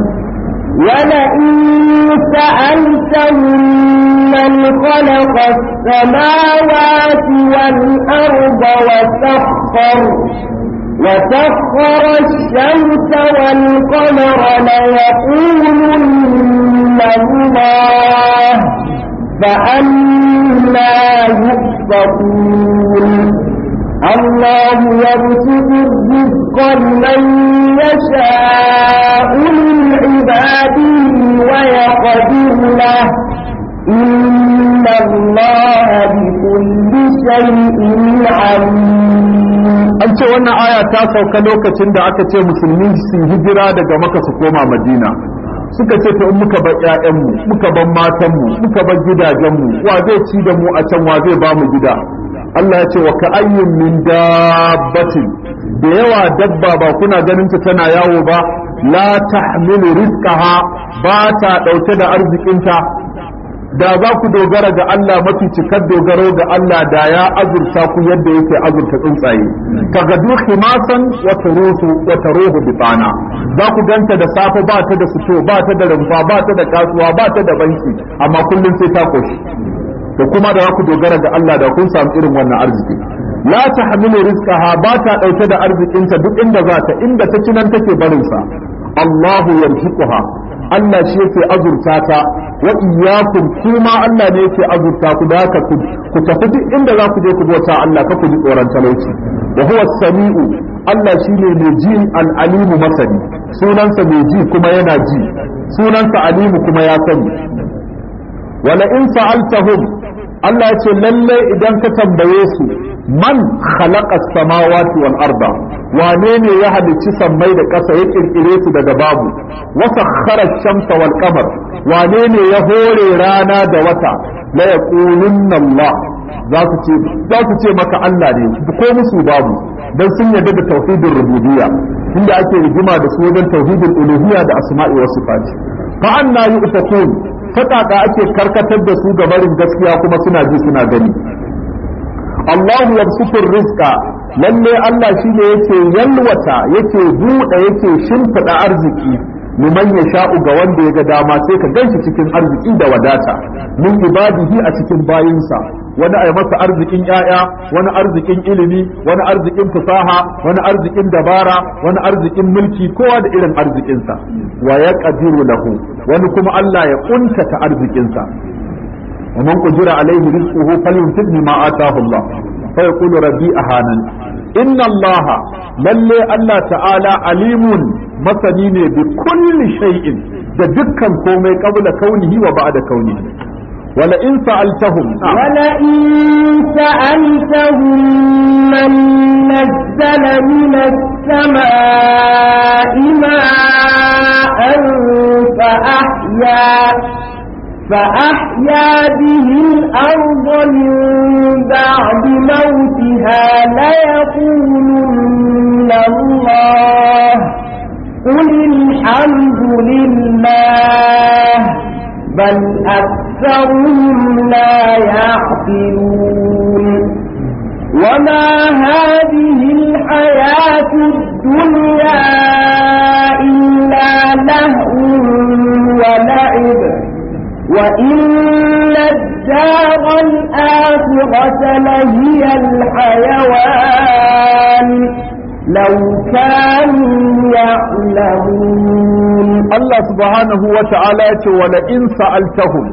ولئن سألتم من خلق السماوات والأرض وسخر وسخر الشمس والقمر ليقولن الله فأنا يؤفكون الله يبسط الرزق لمن يشاء wannan aya ta sauka lokacin da aka ce musulmi sun hijira daga maka su koma madina suka ce ta in muka bar ƴaƴanmu muka bar matanmu muka bar gidajenmu wa zai ci da mu a can wa zai ba mu gida Allah ya ce wa ka ayyun min dabbatin da yawa dabba ba kuna ganin ta tana yawo ba la tahmilu rizqaha ba ta dauke da arzikinta da za ku dogara ga Allah mafi cikar dogaro ga Allah da ya azurta ku yadda yake azurta tsuntsaye ka ga himasan wata ruhu wata ruhu bitana za ku ganta da safe ba ta da fito ba ta da rumfa ba ta da kasuwa ba ta da banki amma kullum sai ta koshi da kuma da za ku dogara ga Allah da kun samu irin wannan arziki la tahmilu rizqaha ba ta dauke da arzikinta duk inda za ta inda ta ci nan take barinsa Allahu yarzuquha Allah shi yake azurta ta wa iyyakum kuma Allah ne yake azurta ku da haka ku ku tafi duk inda za ku je ku bauta Allah ka ku ji tsoron talauci wa huwa samiu Allah shi ne mai ji al-alimu masani sunansa mai ji kuma yana ji sunansa alimu kuma ya sani wala in sa'altahum Allah ya ce lalle idan ka tambaye su man khalaqa samawati wal arda wane ne ya halicci sammai da ƙasa ya kirkire su daga babu wa sakhara shamsa wal qamar wane ne ya hore rana da wata la yaqulunna Allah za su ce za su ce maka Allah ne ko musu babu dan sun yarda da tauhidin rububiyya inda ake rigima da su wajen tauhidin uluhiyya da asma'i wa sifati fa anna yu'takun fataka ake karkatar da su gabarin gaskiya kuma suna ji suna gani Allahu yabsutu rizqa lalle Allah shine yake yalwata yake buɗe yake shimfiɗa arziki liman ya sha'u ga wanda ya ga dama sai ka ganshi cikin arziki da wadata min ibadihi a cikin bayinsa wani ai masa arzikin yaya wani arzikin ilimi wani arzikin fasaha wani arzikin dabara wani arzikin mulki kowa da irin arzikinsa wa ya qadiru lahu wani kuma Allah ya kuntata arzikinsa ومن قدر عليه رزقه فلينفق ما آتاه الله فيقول ربي أهانا إن الله للي الله تعالى عليم مسنين بكل شيء ذكا قومي قبل كونه وبعد كونه ولئن سألتهم نعم. ولئن سألتهم من نزل من السماء ماء فأحيا فأحيا به الأرض من بعد موتها ليقولن الله قل الحمد لله بل أكثرهم لا يعقلون وما هذه الحياة الدنيا إلا له وَإِنَّ الدَّارَ الْآخِرَةَ لَهِيَ الْحَيَوَانِ لَوْ كَانُوا يَعْلَمُونَ الله سبحانه وتعالى وَلَئِنْ سَأَلْتَهُمْ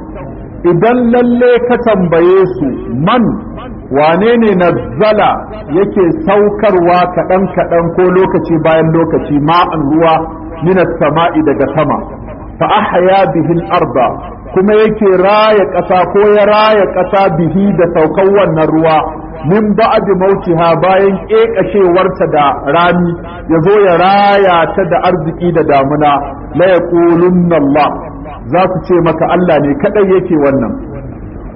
إِذَنْ لَلَّيْكَ تَنْبَيَسُ مَنْ وَانَيْنِ نَزَّلَ يَكِي سَوْكَرْوَا كَأَمْ كَأَمْ كَوْلُوكَ كَي بَيَنْ لُوكَ كَي هو مِنَ السَّمَاءِ دَ فأحيا به الأرض kuma yake raya ƙasa ko ya raya ƙasa bihi da saukan wannan ruwa min ba'd mautiha bayan ƙeƙashewarta da rani ya zo ya raya ta da arziki da damuna la yaqulunna Allah za su ce maka Allah ne kadai yake wannan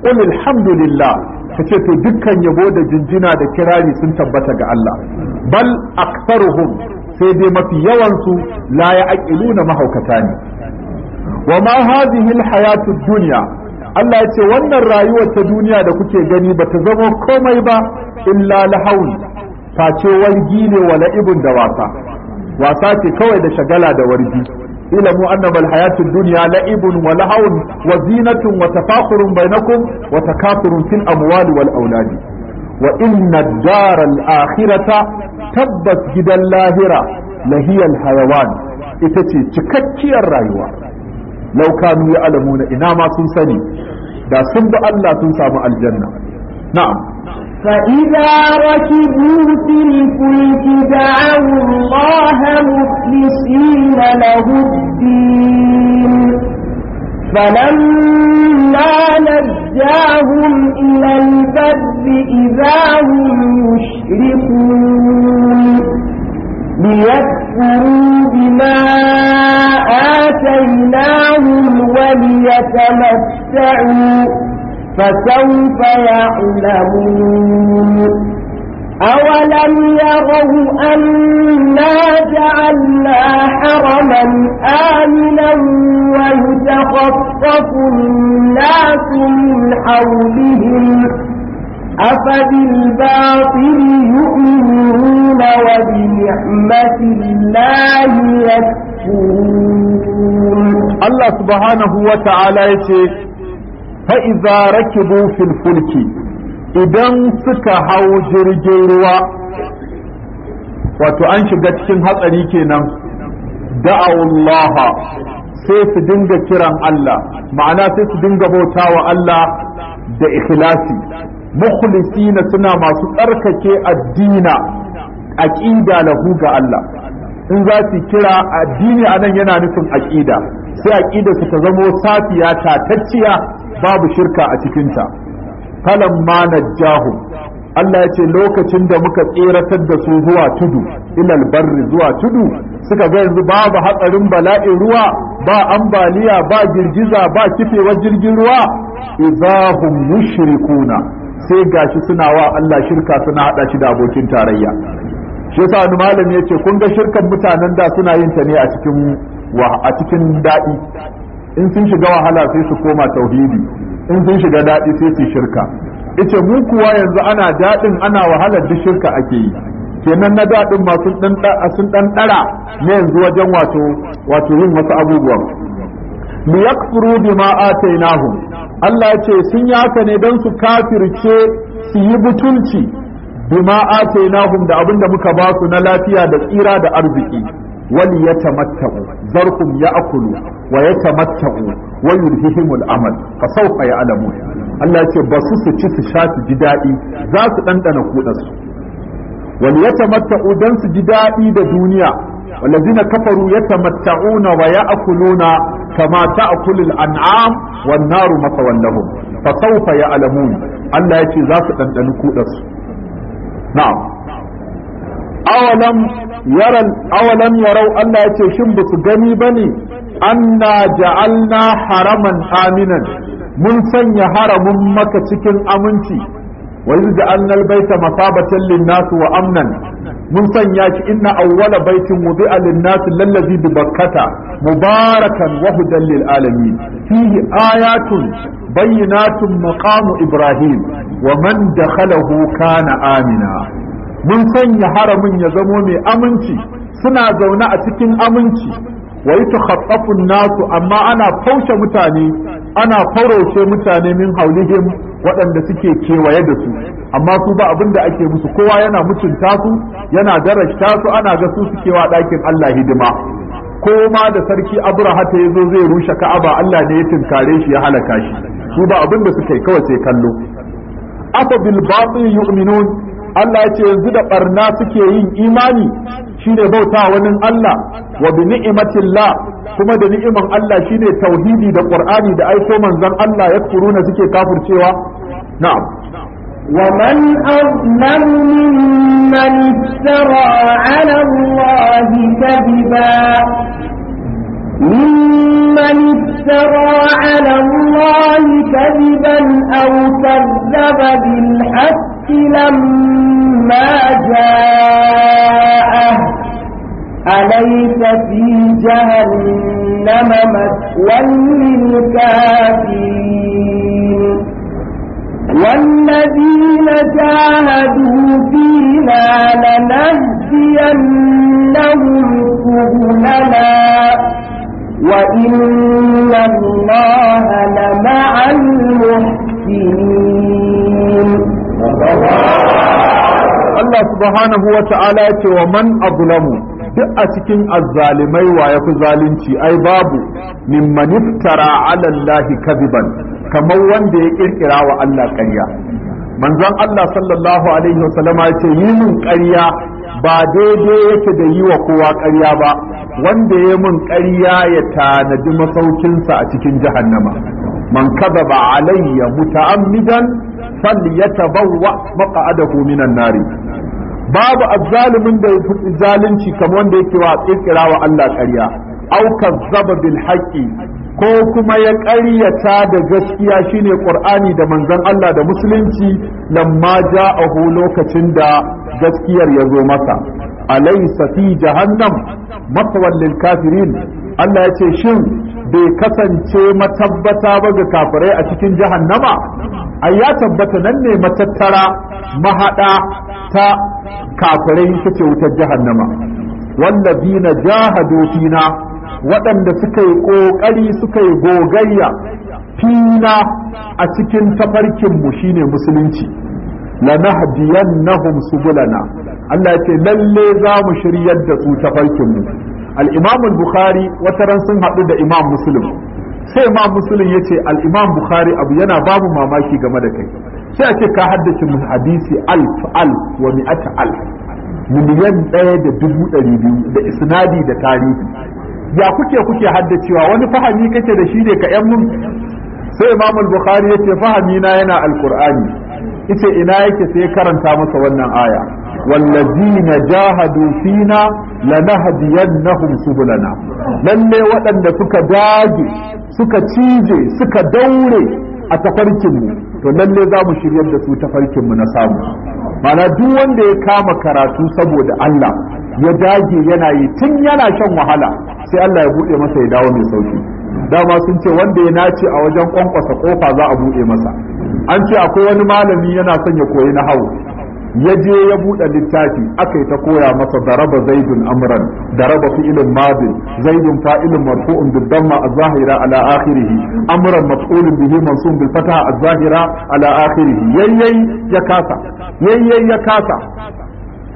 qul alhamdulillah kace to dukkan yabo da jinjina da kirari sun tabbata ga Allah bal aktharuhum sai dai mafi yawansu la ya aqiluna mahaukata ne wa ma hadhihi alhayatu dunya Allah ya ce wannan rayuwar ta duniya da kuke gani ba ta zama komai ba illa lahawun face wargi ne wa la'ibun da wasa wasa ce kawai da shagala da wargi ilamu annama alhayatu dunya la'ibun wa lahawun wa zinatun wa tafakhurun bainakum wa takathurun fil amwali wal auladi wa inna ad-dara al-akhirata tabbas gidan lahira lahiyal hayawan ita ce cikakkiyar rayuwa law kanu ya'lamuna ina ma sun sani da sun bi Allah sun samu aljanna na'am فإذا ركبوا في الفلك دعوا الله مخلصين له الدين فلما نجاهم إلى البر إذا هم يشركون ليكفروا بما آتيناهم تمتعوا فسوف يعلمون أولم يروا أنا جعلنا حرما آمنا ويتخطف الناس من حولهم أفبالباطل يؤمنون وبنعمة الله يكفرون wa ta'ala ya ce, يتي فإذا bufin fulki, idan suka hau jirgin ruwa, wato an shiga cikin hatsari kenan da'awullaha sai su dinga kiran Allah ma'ana sai su dinga bautawa Allah da ikhlasi mukhlisina suna masu tsarkake addina aqida lahu ga Allah in za su kira addini a nan yana nufin aƙida sai aƙida su ta zamo safiya tatacciya babu shirka a cikinta Kalan ma jahu. Allah ya ce lokacin da muka tseratar da su zuwa tudu ilal barri zuwa tudu suka ga yanzu babu hatsarin bala'in ruwa ba ambaliya ba girgiza ba kifewa jirgin ruwa idahum mushrikuna sai gashi suna wa Allah shirka suna hada shi da abokin tarayya shi yasa wani malami yace kun ga shirkan mutanen da suna yin ta ne a cikin a cikin daɗi in sun shiga wahala sai su koma tauhidi in sun shiga daɗi sai su shirka ice mu kuwa yanzu ana daɗin ana wahalar da shirka ake yi kenan na daɗin ma sun ɗan sun dan ɗara ne yanzu wajen wato wato yin wasu abubuwan mu yakfuru bima atainahum Allah yace sun yaka ne dan su kafirce su yi butulci ce nahum da abin da muka basu na lafiya da tsira da arziki wali yatamatta'u zarkum ya'kulu wa yatamatta'u wa yulhihimul amal fa sawfa ya'lamun Allah ce ba su su ci su sha ji daɗi za su ɗanɗana kuɗarsu wali yatamatta'u dan su ji daɗi da duniya والذين كفروا يتمتعون ويأكلون كما تأكل الأنعام والنار مثوى لهم فسوف يعلمون الله يجي ذات أن تنكو na'am awalam yaran awalam yarau Allah ya ce shin ba su gani bane anna ja'alna haraman aminan mun sanya haramin maka cikin aminci wa da ja'alna al-baita masabatan lin-nas wa amnan mun sanya shi inna awwala baitin wudi'a a nas lallazi da bakkata mubarakan wa hudan lil-alamin fihi ayatun bayyinatun maqamu ibrahim wa man dakhalahu kana amina mun sanya haramin ya zamo mai aminci suna zaune a cikin aminci wa yatakhaffafu nasu amma ana fauce mutane ana farauce mutane min haulihim waɗanda suke kewaye da su amma su ba abin da ake musu kowa yana mutunta su yana darashta su ana ga su suke wa ɗakin Allah hidima ko ma da sarki Abraha ta yazo zai rushe Ka'aba Allah ne ya tinkare shi ya halaka shi su ba abin da suke kawai sai kallo afa bil batil yu'minun Allah ya ce yanzu da barna suke yin imani shine bauta wani Allah wa bi ni'matillah kuma da ni'iman Allah shine tauhidi da Qur'ani da aiko manzon Allah ya kuruna suke kafircewa na'am ومن أظلم ممن افترى على الله كذبا ممن افترى على الله كذبا أو كذب بالحق لما ما جاءه أليس في جهنم مثوى للكافرين والذين جاهدوا فينا لنهدينهم سبلنا وإن الله لمع المحسنين Allah subhanahu wa ta'ala ya ce wa man azlamu duk a cikin azzalimai wa yafi zalunci ai babu mimman iftara ala Allah kadiban kamar wanda ya kirkira wa Allah ƙarya manzon Allah sallallahu alaihi wa sallama ya ce yi min ƙarya ba daidai yake da yi wa kowa ƙarya ba wanda ya min ƙarya ya tanadi masaukinsa a cikin jahannama man kadaba alayya muta'ammidan ya falyatabawwa maq'adahu minan nari babu azzalimin da yafi zalunci kamar wanda yake wa kirkira wa Allah ƙarya Aukar kazzaba bil ko kuma ya ƙaryata da gaskiya shine qur'ani da manzon Allah da musulunci lamma ja'ahu lokacin da gaskiyar ya zo masa alaysa fi jahannam kafirin Allah ya ce shin bai kasance matabbata ba ga kafirai a cikin jahannama ai ya tabbata nan ne matattara mahada ta kafirai take wutar jahannama wallazina jahadu fina waɗanda suka yi ƙoƙari suka yi gogayya fina a cikin tafarkinmu shine musulunci lanahdiyannahum subulana Allah ya ce lalle za mu shiryar da su tafarkinmu al-imam al-bukhari wataran sun haɗu da imam muslim sai imam musulun ya ce al bukhari abu yana babu mamaki game da kai sai a ce ka haddace mun hadisi alf alf wa mi'ata alf miliyan ɗaya da dubu ɗari biyu da isnadi da tarihi ya kuke kuke haddacewa wani fahami kake da shi ne ka yan mun sai imam bukhari ya ce fahami na yana alkur'ani ita ina yake sai karanta masa wannan aya na jahadu fina lanahdiyannahum subulana lalle waɗanda suka dage suka cije suka daure a tafarkinmu to lalle za mu shiryar da su tafarkinmu na samu mana duk wanda ya kama karatu saboda Allah ya dage yana yi tun yana shan wahala sai Allah ya buɗe masa ya dawo mai sauki dama sun ce wanda ya nace a wajen kwankwasa kofa za a buɗe masa an ce akwai wani malami yana son ya koyi na hau ya je ya buɗe littafi aka yi ta koya masa da raba zaidun amran da raba daraba fi'ilun madin zaidun fa'ilun marfu'un bil damma az-zahira ala akhirih amran maf'ulun bihi mansub bil fataha az-zahira ala akhirih yayyay ya kasa yayyay ya kasa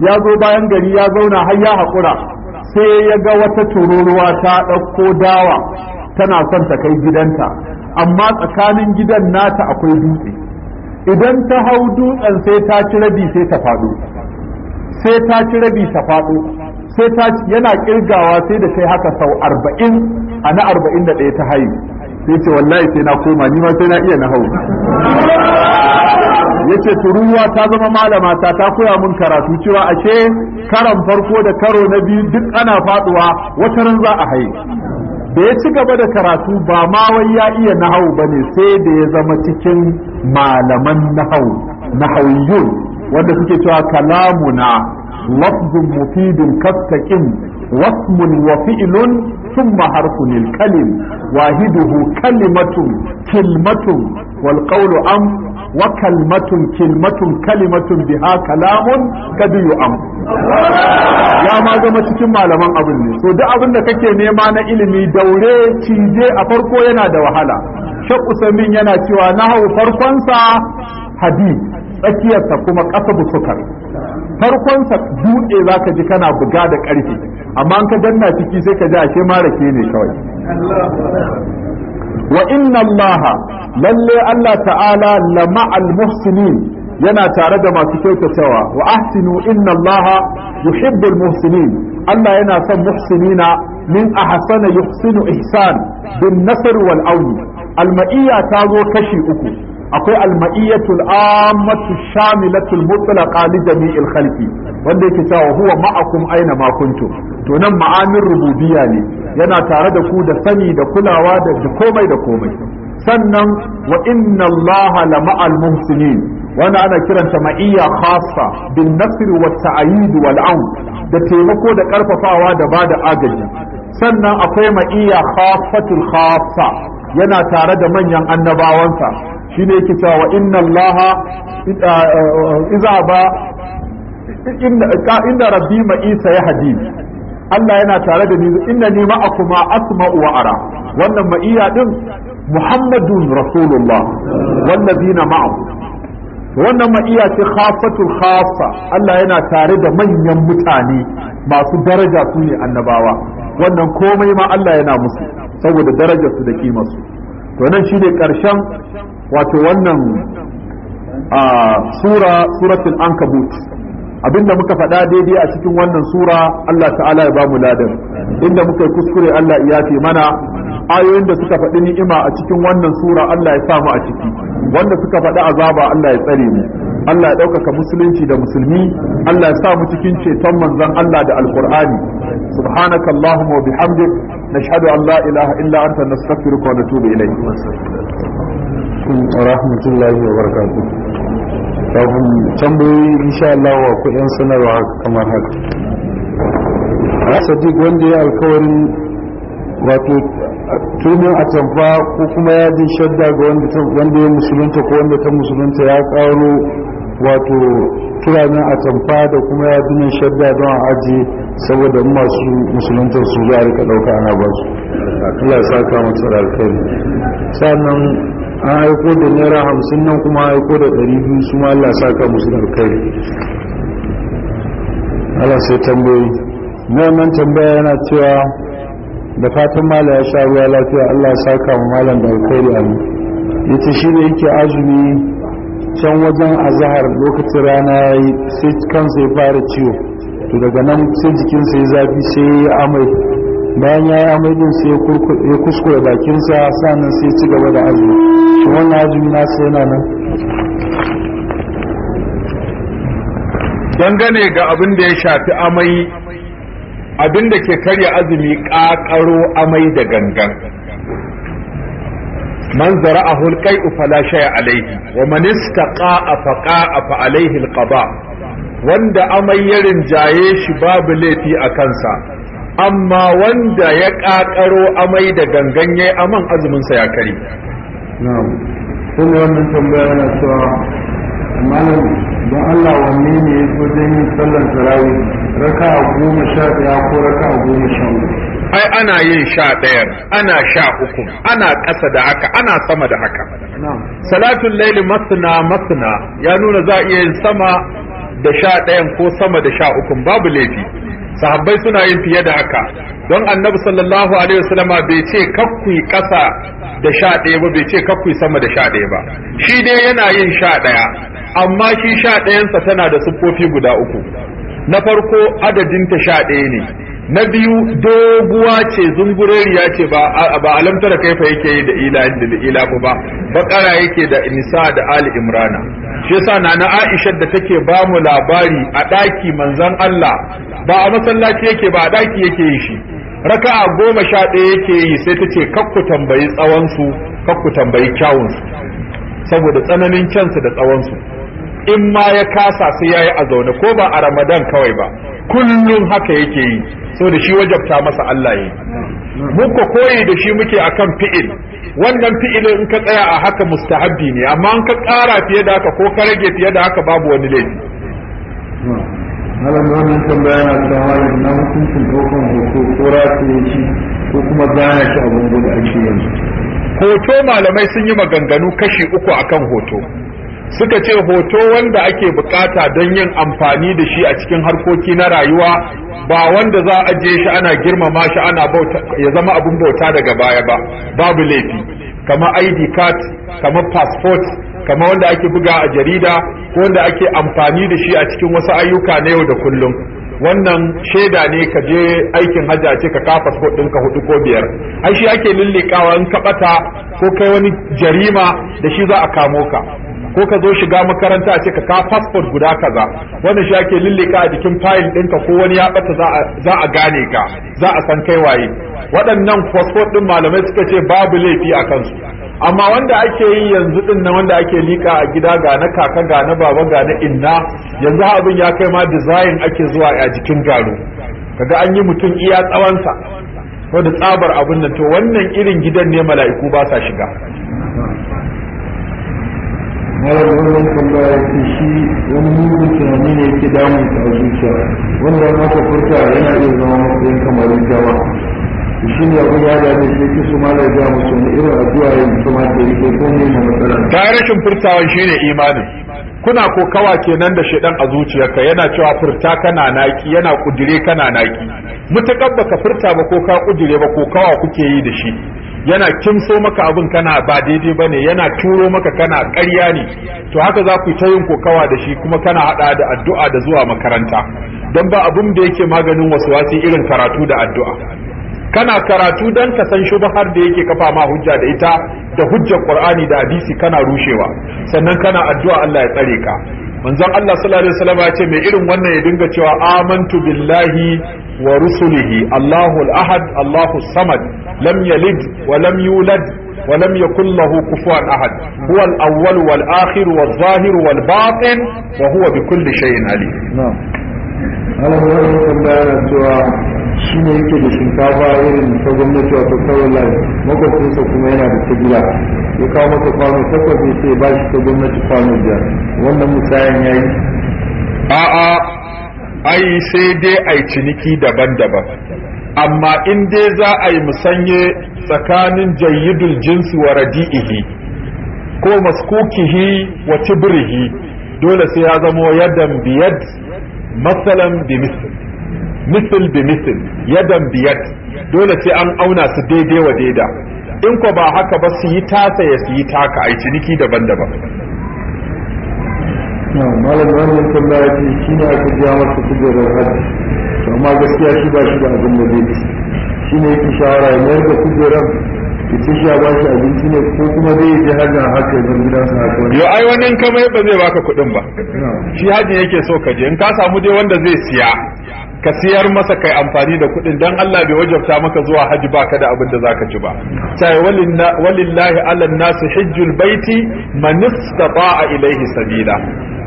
ya zo bayan gari ya zauna har ya haƙura sai ya ga wata tururuwa ta ɗauko dawa tana son ta kai gidanta amma tsakanin gidan nata akwai dutse idan ta hau dutsen sai ta ci rabi sai ta faɗo sai ta ci rabi ta faɗo sai ta yana kirgawa sai da sai haka sau arba'in a na arba'in da ɗaya ta haihu sai ce wallahi sai na koma ni ma sai na iya na hau yace turuwa ta zama malama ta ta koya mun karatu cewa ashe karan farko da karo na biyu duk ana faduwa wata ran za a haye da ya ci gaba da karatu ba ma wai ya iya nahau ba ne sai da ya zama cikin malaman nahau nahauyun wanda suke cewa kalamuna lafzun mufidun kastakin wasmun wa fi'lun thumma harfun kalim wahiduhu kalimatun kilmatun wal qawlu am Wakal kalmatun kilmatun بها biha kalamun يؤم يا ya ma zama cikin malaman abin ne so duk abin da kake nema na ilimi daure cije a farko yana da wahala shek usamin yana cewa na hau farkonsa hadith tsakiyarsa kuma kasabu sukar farkonsa dutse zaka ji kana buga da ƙarfi amma an ka danna ciki sai ka ji ashe ma rake ne kawai wa inna lallai Allah ta'ala la ma'al muhsinin yana tare da masu kyautatawa wa ahsinu inna allaha yuhibbul muhsinin Allah yana son muhsinina min ahsana yuhsinu ihsan bin nasr wal auni alma'iyya ta zo kashi uku akwai almaiyatul ammatu shamilatul mutlaqa li jami'il khalqi wanda yake cewa huwa ma'akum aina ma kuntum to nan ma'anin rububiyya ne yana tare da ku da sani da kulawa da komai da komai sannan wa inna allaha la ma'al muhsinin wanda ana kiranta ma'iyya khassa bin nasr wa ta'yid wal aun da taimako da karfafawa da bada agaji sannan akwai ma'iyya khaffatul khassa yana tare da manyan annabawansa shine yake cewa inna allaha eh, iza ba inda rabbi ma isa ya hadi Allah yana tare da ni inna ni ma'akuma asma'u wa ara wannan iya din muhammadun rasulullah wallazina ma'ahu wannan iya ce khafatul khafa Allah yana tare da manyan mutane masu daraja su ne annabawa wannan komai ma Allah yana musu saboda darajarsu da kimarsu to nan shine karshen wato wannan sura suratul ankabut abinda muka faɗa daidai a cikin wannan sura Allah ta'ala ya bamu ladan inda muka yi kuskure Allah ya fi mana ayoyin da suka faɗi ni'ima a cikin wannan sura Allah ya samu a ciki wanda suka faɗi azaba Allah ya tsare mu Allah ya ɗaukaka musulunci da musulmi Allah ya sa mu cikin ceton manzon Allah da alkur'ani subhanaka allahumma wa bihamdik nashhadu an la ilaha illa anta nastaghfiruka wa alaikum wa rahmatullahi wa barakatuh kafin tambayoyi insha Allah wa kuɗin sanarwa kamar haka sadiq wanda ya alkawarin wato tunin a tamfa ko kuma ya ji shadda ga wanda ya musulunta ko wanda ta musulunta ya karo wato turanin a tamfa da kuma ya ji shadda don aji saboda masu musulunta su zuwa rika ɗauka ana ba su Allah ya saka mutu da alkhairi sannan an haiko da naira hamsin nan kuma haiko da ɗari biyu su ma Allah sa ka musu alkhairi Allah sai tambayi neman tambaya yana cewa da fatan mala ya sha ruwa lafiya Allah sa ka mu malam da alkhairi a yace shi ne yake azumi can wajen azhar lokacin rana yayi sai kansa ya fara ciwo to daga nan sai jikin sai zafi sai amai bayan ya yi amai sai ya kuskure bakinsa sannan sai ci gaba da azumi shi wannan azumi na sai yana nan dangane ga abin da ya shafi amai abin da ke karya azumi ƙaƙaro amai da gangan man a hulƙai ufala shaya alaihi wa man ƙa'afa ƙa'afa alaihi alƙaba wanda amai ya rinjaye shi babu laifi a kansa amma wanda ya ƙaƙaro amai da gangan yayi aman azuminsa ya kare na'am kuma wannan tambaya yana cewa malam don Allah wanne ne ya so don yin sallar tarawih raka a goma sha ɗaya ko raka a goma sha ai ana yin sha ɗaya ana sha uku ana ƙasa da haka ana sama da haka salatun laili masna masna ya nuna za a iya yin sama da sha ɗayan ko sama da sha ukun babu laifi sahabbai suna yin fiye da haka don annabi sallallahu alaihi wasallama bai ce kakkui kasa da sha ɗaya ba bai ce kakkui sama da sha ɗaya ba shi dai yana yin sha ɗaya amma shi sha ɗayansa tana da siffofi guda uku na farko adadin ta sha ɗaya ne na biyu doguwa ce zungureriya ce ba ba alamtara kaifa yake yi da ila da ila ba bakara yake da nisa da ali imrana shi yasa nana aisha da take ba mu labari a daki manzon Allah ba a masallaci yake ba a daki yake yi shi raka'a goma sha ɗaya yake yi sai ta ce kakku tambayi tsawonsu kakku tambayi kyawunsu saboda tsananin kyansu da tsawonsu in ma ya kasa sai yayi a zaune ko ba a ramadan kawai ba kullum haka yake yi so da shi wajabta masa Allah yi muka koyi da shi muke akan fi'il wannan fi'ilin in ka tsaya a haka mustahabbi ne amma in ka ƙara fiye da haka ko ka rage fiye da haka babu wani laifi malam wannan tambaya na cewa na hukuncin ɗaukan hoto ko rataye shi ko kuma gane shi abin da ake yanzu hoto malamai sun yi maganganu kashi uku akan hoto suka ce hoto wanda ake bukata don yin amfani da shi a cikin harkoki na rayuwa ba wanda za a je shi ana girmama shi ana ya zama abin bauta daga baya ba babu laifi kama id card kama passport kama wanda ake buga a jarida ko wanda ake amfani da shi a cikin wasu ayyuka na yau da kullum wannan shaida ne ka je aikin hajji a ce ka ka passport ɗinka hudu ko biyar ai shi ake lullikawa in ka bata ko kai wani jarima da shi za a kamo ka ko ka zo shiga makaranta a ce ka ka passport guda kaza wannan shi ake ka a jikin fayil ɗinka ko wani ya bata za a gane ka za a san kai waye waɗannan passport ɗin malamai suka ce babu laifi a kansu amma wanda ake yi yanzu ɗin na wanda ake lika a gida ga na kaka ga na baba ga na inna yanzu abin ya kai ma design ake zuwa a jikin garo kaga an yi mutum iya tsawansa wanda tsabar abin nan to wannan irin gidan ne mala'iku ba sa shiga mara wannan tambaya ce shi wani mugun tunani ne yake damun ta a zuciya wanda maka furta yana iya zama matsayin kamar jawa shi ne abu ya da ke ki su mala ya musu ne irin addu'a yin kuma ke rike ko ne na matsala ta rashin shi ne imanin kuna kokawa kenan da shedan a zuciyarka yana cewa furta kana naki yana kudire kana naki mutakabba ka furta ba ko ka kudire ba ko kawa kuke yi da shi yana kimso maka abin kana ba daidai bane yana turo maka kana ƙarya ne to haka za ku ta yin kokawa da shi kuma kana hada da addu'a da zuwa makaranta don ba abin da yake maganin wasu wasuwasi irin karatu da addu'a kana karatu don ka san har da yake kafa ma hujja da ita da hujjar Qur'ani da hadisi kana rushewa sannan kana addu'a Allah ya tsare ka manzon Allah sallallahu alaihi wasallam ya ce mai irin wannan ya dinga cewa amantu billahi wa rusulihi Allahu al-ahad Allahu samad lam yalid wa lam yulad wa lam yakul lahu kufuwan ahad huwa al-awwal wal akhir wal zahir wal batin wa huwa bi kulli shay'in alim cewa shi ne yake da shinkafa irin ta gwamnati wato kawai lai makwabcinsa kuma yana da ta gida ya kawo masa kwano takwas ya ce ba shi ta gwamnati kwano biyar wannan musayan ya yi a'a ai sai dai yi ciniki daban-daban amma in dai za a yi musanye tsakanin jayyidul jinsi wa radi'ihi ko maskukihi wa tibrihi dole sai ya zamo yadda biyad matsalan bi misl misil bi misil yadan biyat dole sai an auna su daidai wa daida in ko ba haka ba su yi tasa ya su yi taka a ciniki daban-daban malam wannan tambaya ce shi ne aka biya masa kujerar hajji amma gaskiya shi ba shi da abin da zai ci shi ne yake shawara ya mayar da kujerar ita shi ba shi abinci ne ko kuma zai je hajjin haka ya zan gidansa haka wani yau ai wani in ka ba zai baka kuɗin ba shi hajji yake so ka je in ka samu dai wanda zai siya ka siyar masa kai amfani da kuɗin dan Allah bai wajabta maka zuwa haji ba ka da abin da zaka ci ba sai walillahi ala nasi hajjul baiti man istata'a ilaihi sabila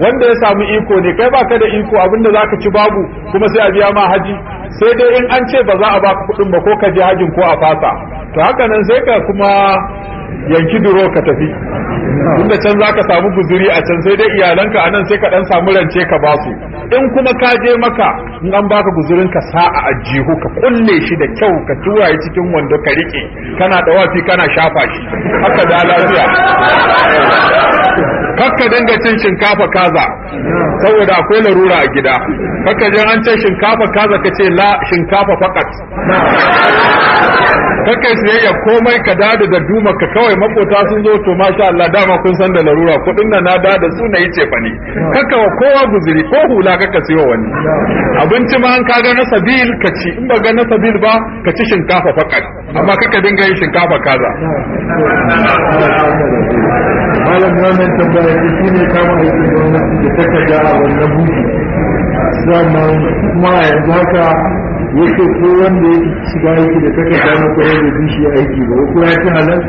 wanda ya samu iko ne kai baka da iko abin da zaka ci babu kuma sai a biya ma haji sai dai in an ce ba za a baka kuɗin ba ko ka je hajin ko a fasa to haka nan sai ka kuma yanki duro ka tafi tunda can za ka samu guzuri a can sai dai iyalanka a nan sai ka dan samu rance ka ba su in kuma ka je maka in an baka guzurin ka sa'a a jihu ka kulle shi da kyau ka turaye cikin wando ka rike kana wafi kana shafa shi haka da lafiya kakka dinga cin shinkafa kaza saboda akwai larura a gida kakka je an ce shinkafa kaza ka ce la shinkafa fakat kakai siyayya komai ka dada da duma ka kawai makota sun zo to masha Allah dama kun san da larura kudin nan na dada su na yace fa ne kaka wa kowa guzuri ko hula kaka siyo wani abinci ma an ga na sabil ka ci in ba ga na sabil ba ka ci shinkafa fakat amma kaka dinga yin shinkafa kaza malam wannan tambaya shi ne kama aikin gwamnati da take da wannan buki sannan kuma yanzu haka ya ko wanda ya shiga aiki da takarda na koyar da bishi aiki ba ko ya ci halal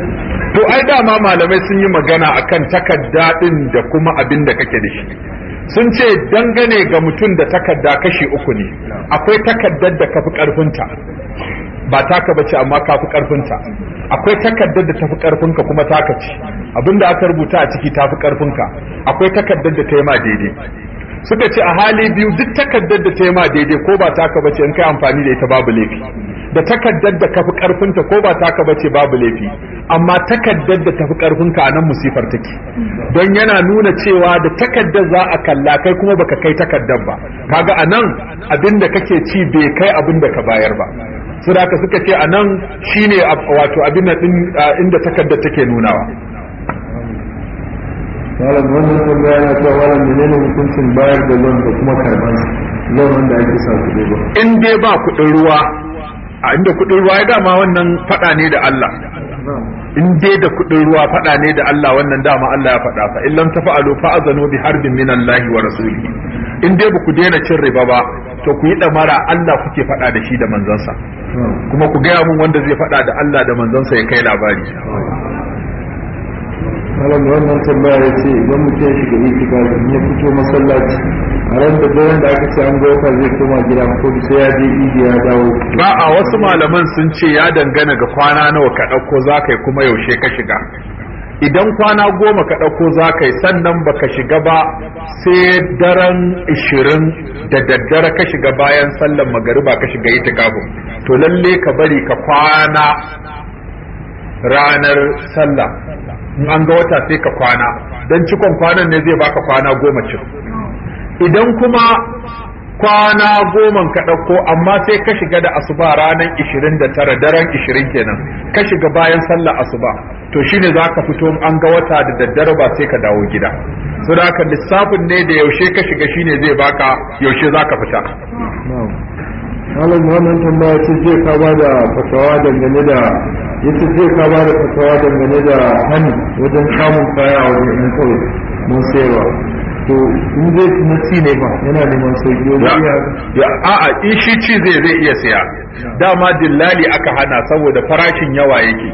to ai dama malamai sun yi magana akan takarda din da kuma abin da kake da shi sun ce dangane ga mutum da takarda kashi uku ne akwai takardar da kafi karfinta ba taka bace amma kafi karfinta akwai takardar da tafi karfinka kuma taka ce abinda aka rubuta a ciki tafi karfinka akwai takardar da ta yi ma daidai suka ce a hali biyu duk takardar da ta yi ma daidai ko ba taka bace in kai amfani da ita babu laifi da takardar da kafi karfinta ko ba taka bace babu laifi amma takardar da tafi karfinka a nan musifar take don yana nuna cewa da takardar za a kalla kai kuma baka kai takardar ba kaga a nan abin da kake ci bai kai abin da ka bayar ba su da suka ce a nan shine wato abin da inda takaddar take nunawa malam wannan tambaya na cewa malam menene hukuncin bayar da loan da kuma karban loan da ake sa kuɗi ba in dai ba kuɗin ruwa a inda kuɗin ruwa ya dama wannan faɗa ne da Allah in dai da kuɗin ruwa faɗa ne da Allah wannan dama Allah ya faɗa fa illam tafa'alu fa'azanu bi harbin min Allah wa rasulihi in dai ba ku daina cin riba ba to ku yi damara Allah kuke faɗa da shi da manzansa kuma ku gaya mun wanda zai faɗa da Allah da manzansa ya kai labari malam wannan tambaya ya ce idan mutum ya shiga itikafi ya fito masallaci a ran da daren da aka ce an ga wata zai koma gida ko sai ya je idi ya dawo ba a wasu malaman sun ce ya dangana ga kwana nawa ka dauko za yi kuma yaushe ka shiga idan kwana goma ka dauko za yi sannan ba ka shiga ba sai daren ishirin da daddare ka shiga bayan sallan magariba ka shiga itikafin to lalle ka bari ka kwana ranar sallah in an ga wata sai ka kwana don cikon kwanan ne zai baka kwana goma cin idan kuma kwana goma ka ɗauko amma sai ka shiga da asuba ranar ishirin da tara daren ishirin kenan ka shiga bayan sallar asuba to shine za ka fito an ga wata da daddare ba sai ka dawo gida su da lissafin ne da yaushe ka shiga shine zai baka yaushe za ka fita malam wannan tambaya ce zai kama da fasawa dangane da yace zai ka ba da fatawa dangane da hannu wajen samun kaya a wajen yan kawai mun sayarwa to in zai na ci ne ba yana neman sauki wani ya a'a in shi ci zai zai iya saya dama dillali aka hana saboda farashin yawa yake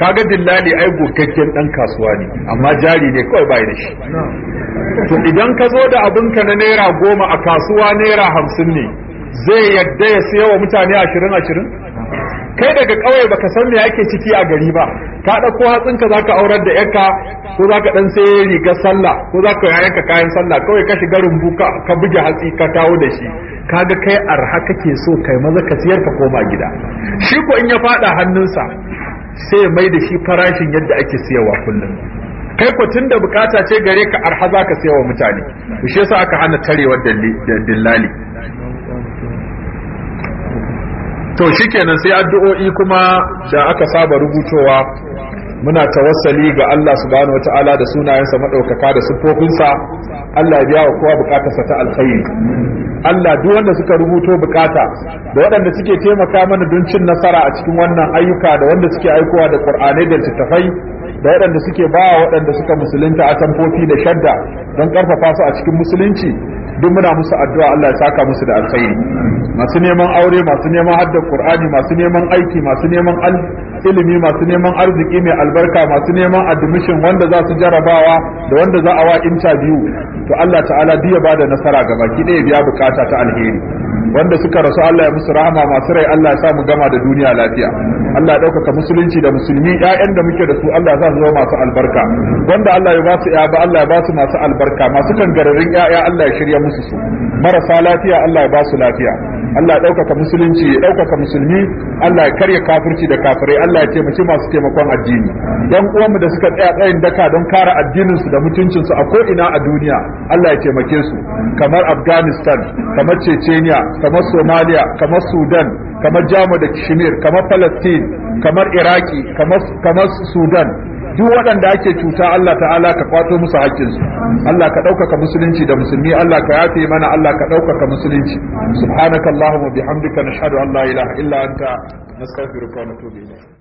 kaga dillali ai gogaggen dan kasuwa ne amma jari ne kawai bai da shi to idan ka zo da abinka na naira goma a kasuwa naira hamsin ne zai yadda ya sayawa mutane ashirin ashirin kai daga ƙauye baka san me ake ciki a gari ba ka ɗauko hatsinka zaka aurar da yarka ko zaka dan sai riga sallah ko zaka yanka kayan sallah kawai ka shiga rumbu ka buge hatsi ka tawo da shi kaga kai arha kake so kai maza ka siyar ka koma gida shi ko in ya fada hannunsa sai ya mai da shi farashin yadda ake siyarwa kullum kai ko da bukata ce gare ka arha zaka siyarwa mutane shi yasa aka hana tarewar dillali to shikenan sai addu'o'i kuma da aka saba rubutowa muna tawassali ga Allah subhanahu wataala da sunayensa madaukaka da siffofinsa Allah ya biya wa kowa bukatarsa ta alkhairi Allah duk wanda suka rubuto bukata da waɗanda suke taimaka mana don cin nasara a cikin wannan ayyuka da wanda suke aikowa da Qur'anai da littattafai da waɗanda suke ba waɗanda suka musulunta a tamfofi da shadda don ƙarfafa su a cikin musulunci duk muna musu addu'a Allah ya saka musu da alkhairi masu neman aure masu neman haddar Qur'ani masu neman aiki masu neman ilimi masu neman arziki mai albarka masu neman admission wanda za su jarabawa da wanda za a wa biyu, to Allah ta'ala duk ya da nasara ga baki ɗaya biya bukata ta alheri wanda suka rasu Allah ya musu rahama masu rai Allah ya sa gama da duniya lafiya Allah ya ɗaukaka musulunci da musulmi 'ya'yan da muke da su Allah ya sa su zama masu albarka wanda Allah ya ba su ya ba Allah ya ba su masu albarka masu kangararin 'ya'ya, Allah ya shirya musu su marasa lafiya Allah ya ba su lafiya Allah ya ɗaukaka musulunci ya ɗaukaka musulmi Allah ya karya kafirci da kafirai Allah ya taimaki masu taimakon addini dan uwanmu da suka tsaya tsayin daka don kare addinin su da mutuncin su a ko ina a duniya Allah ya taimake su kamar Afghanistan kamar Chechnya kamar Somalia kamar Sudan kamar Jamus da Kashmir kamar Palestine kamar Iraki kamar kamar Sudan duk waɗanda ake cuta Allah ta'ala ka kwato musu haƙƙinsu Allah ka ɗaukaka musulunci da musulmi Allah ka yafe mana Allah ka ɗaukaka musulunci subhanakallahumma bihamdika nashhadu an la ilaha illa anta nastaghfiruka wa natubu ilayk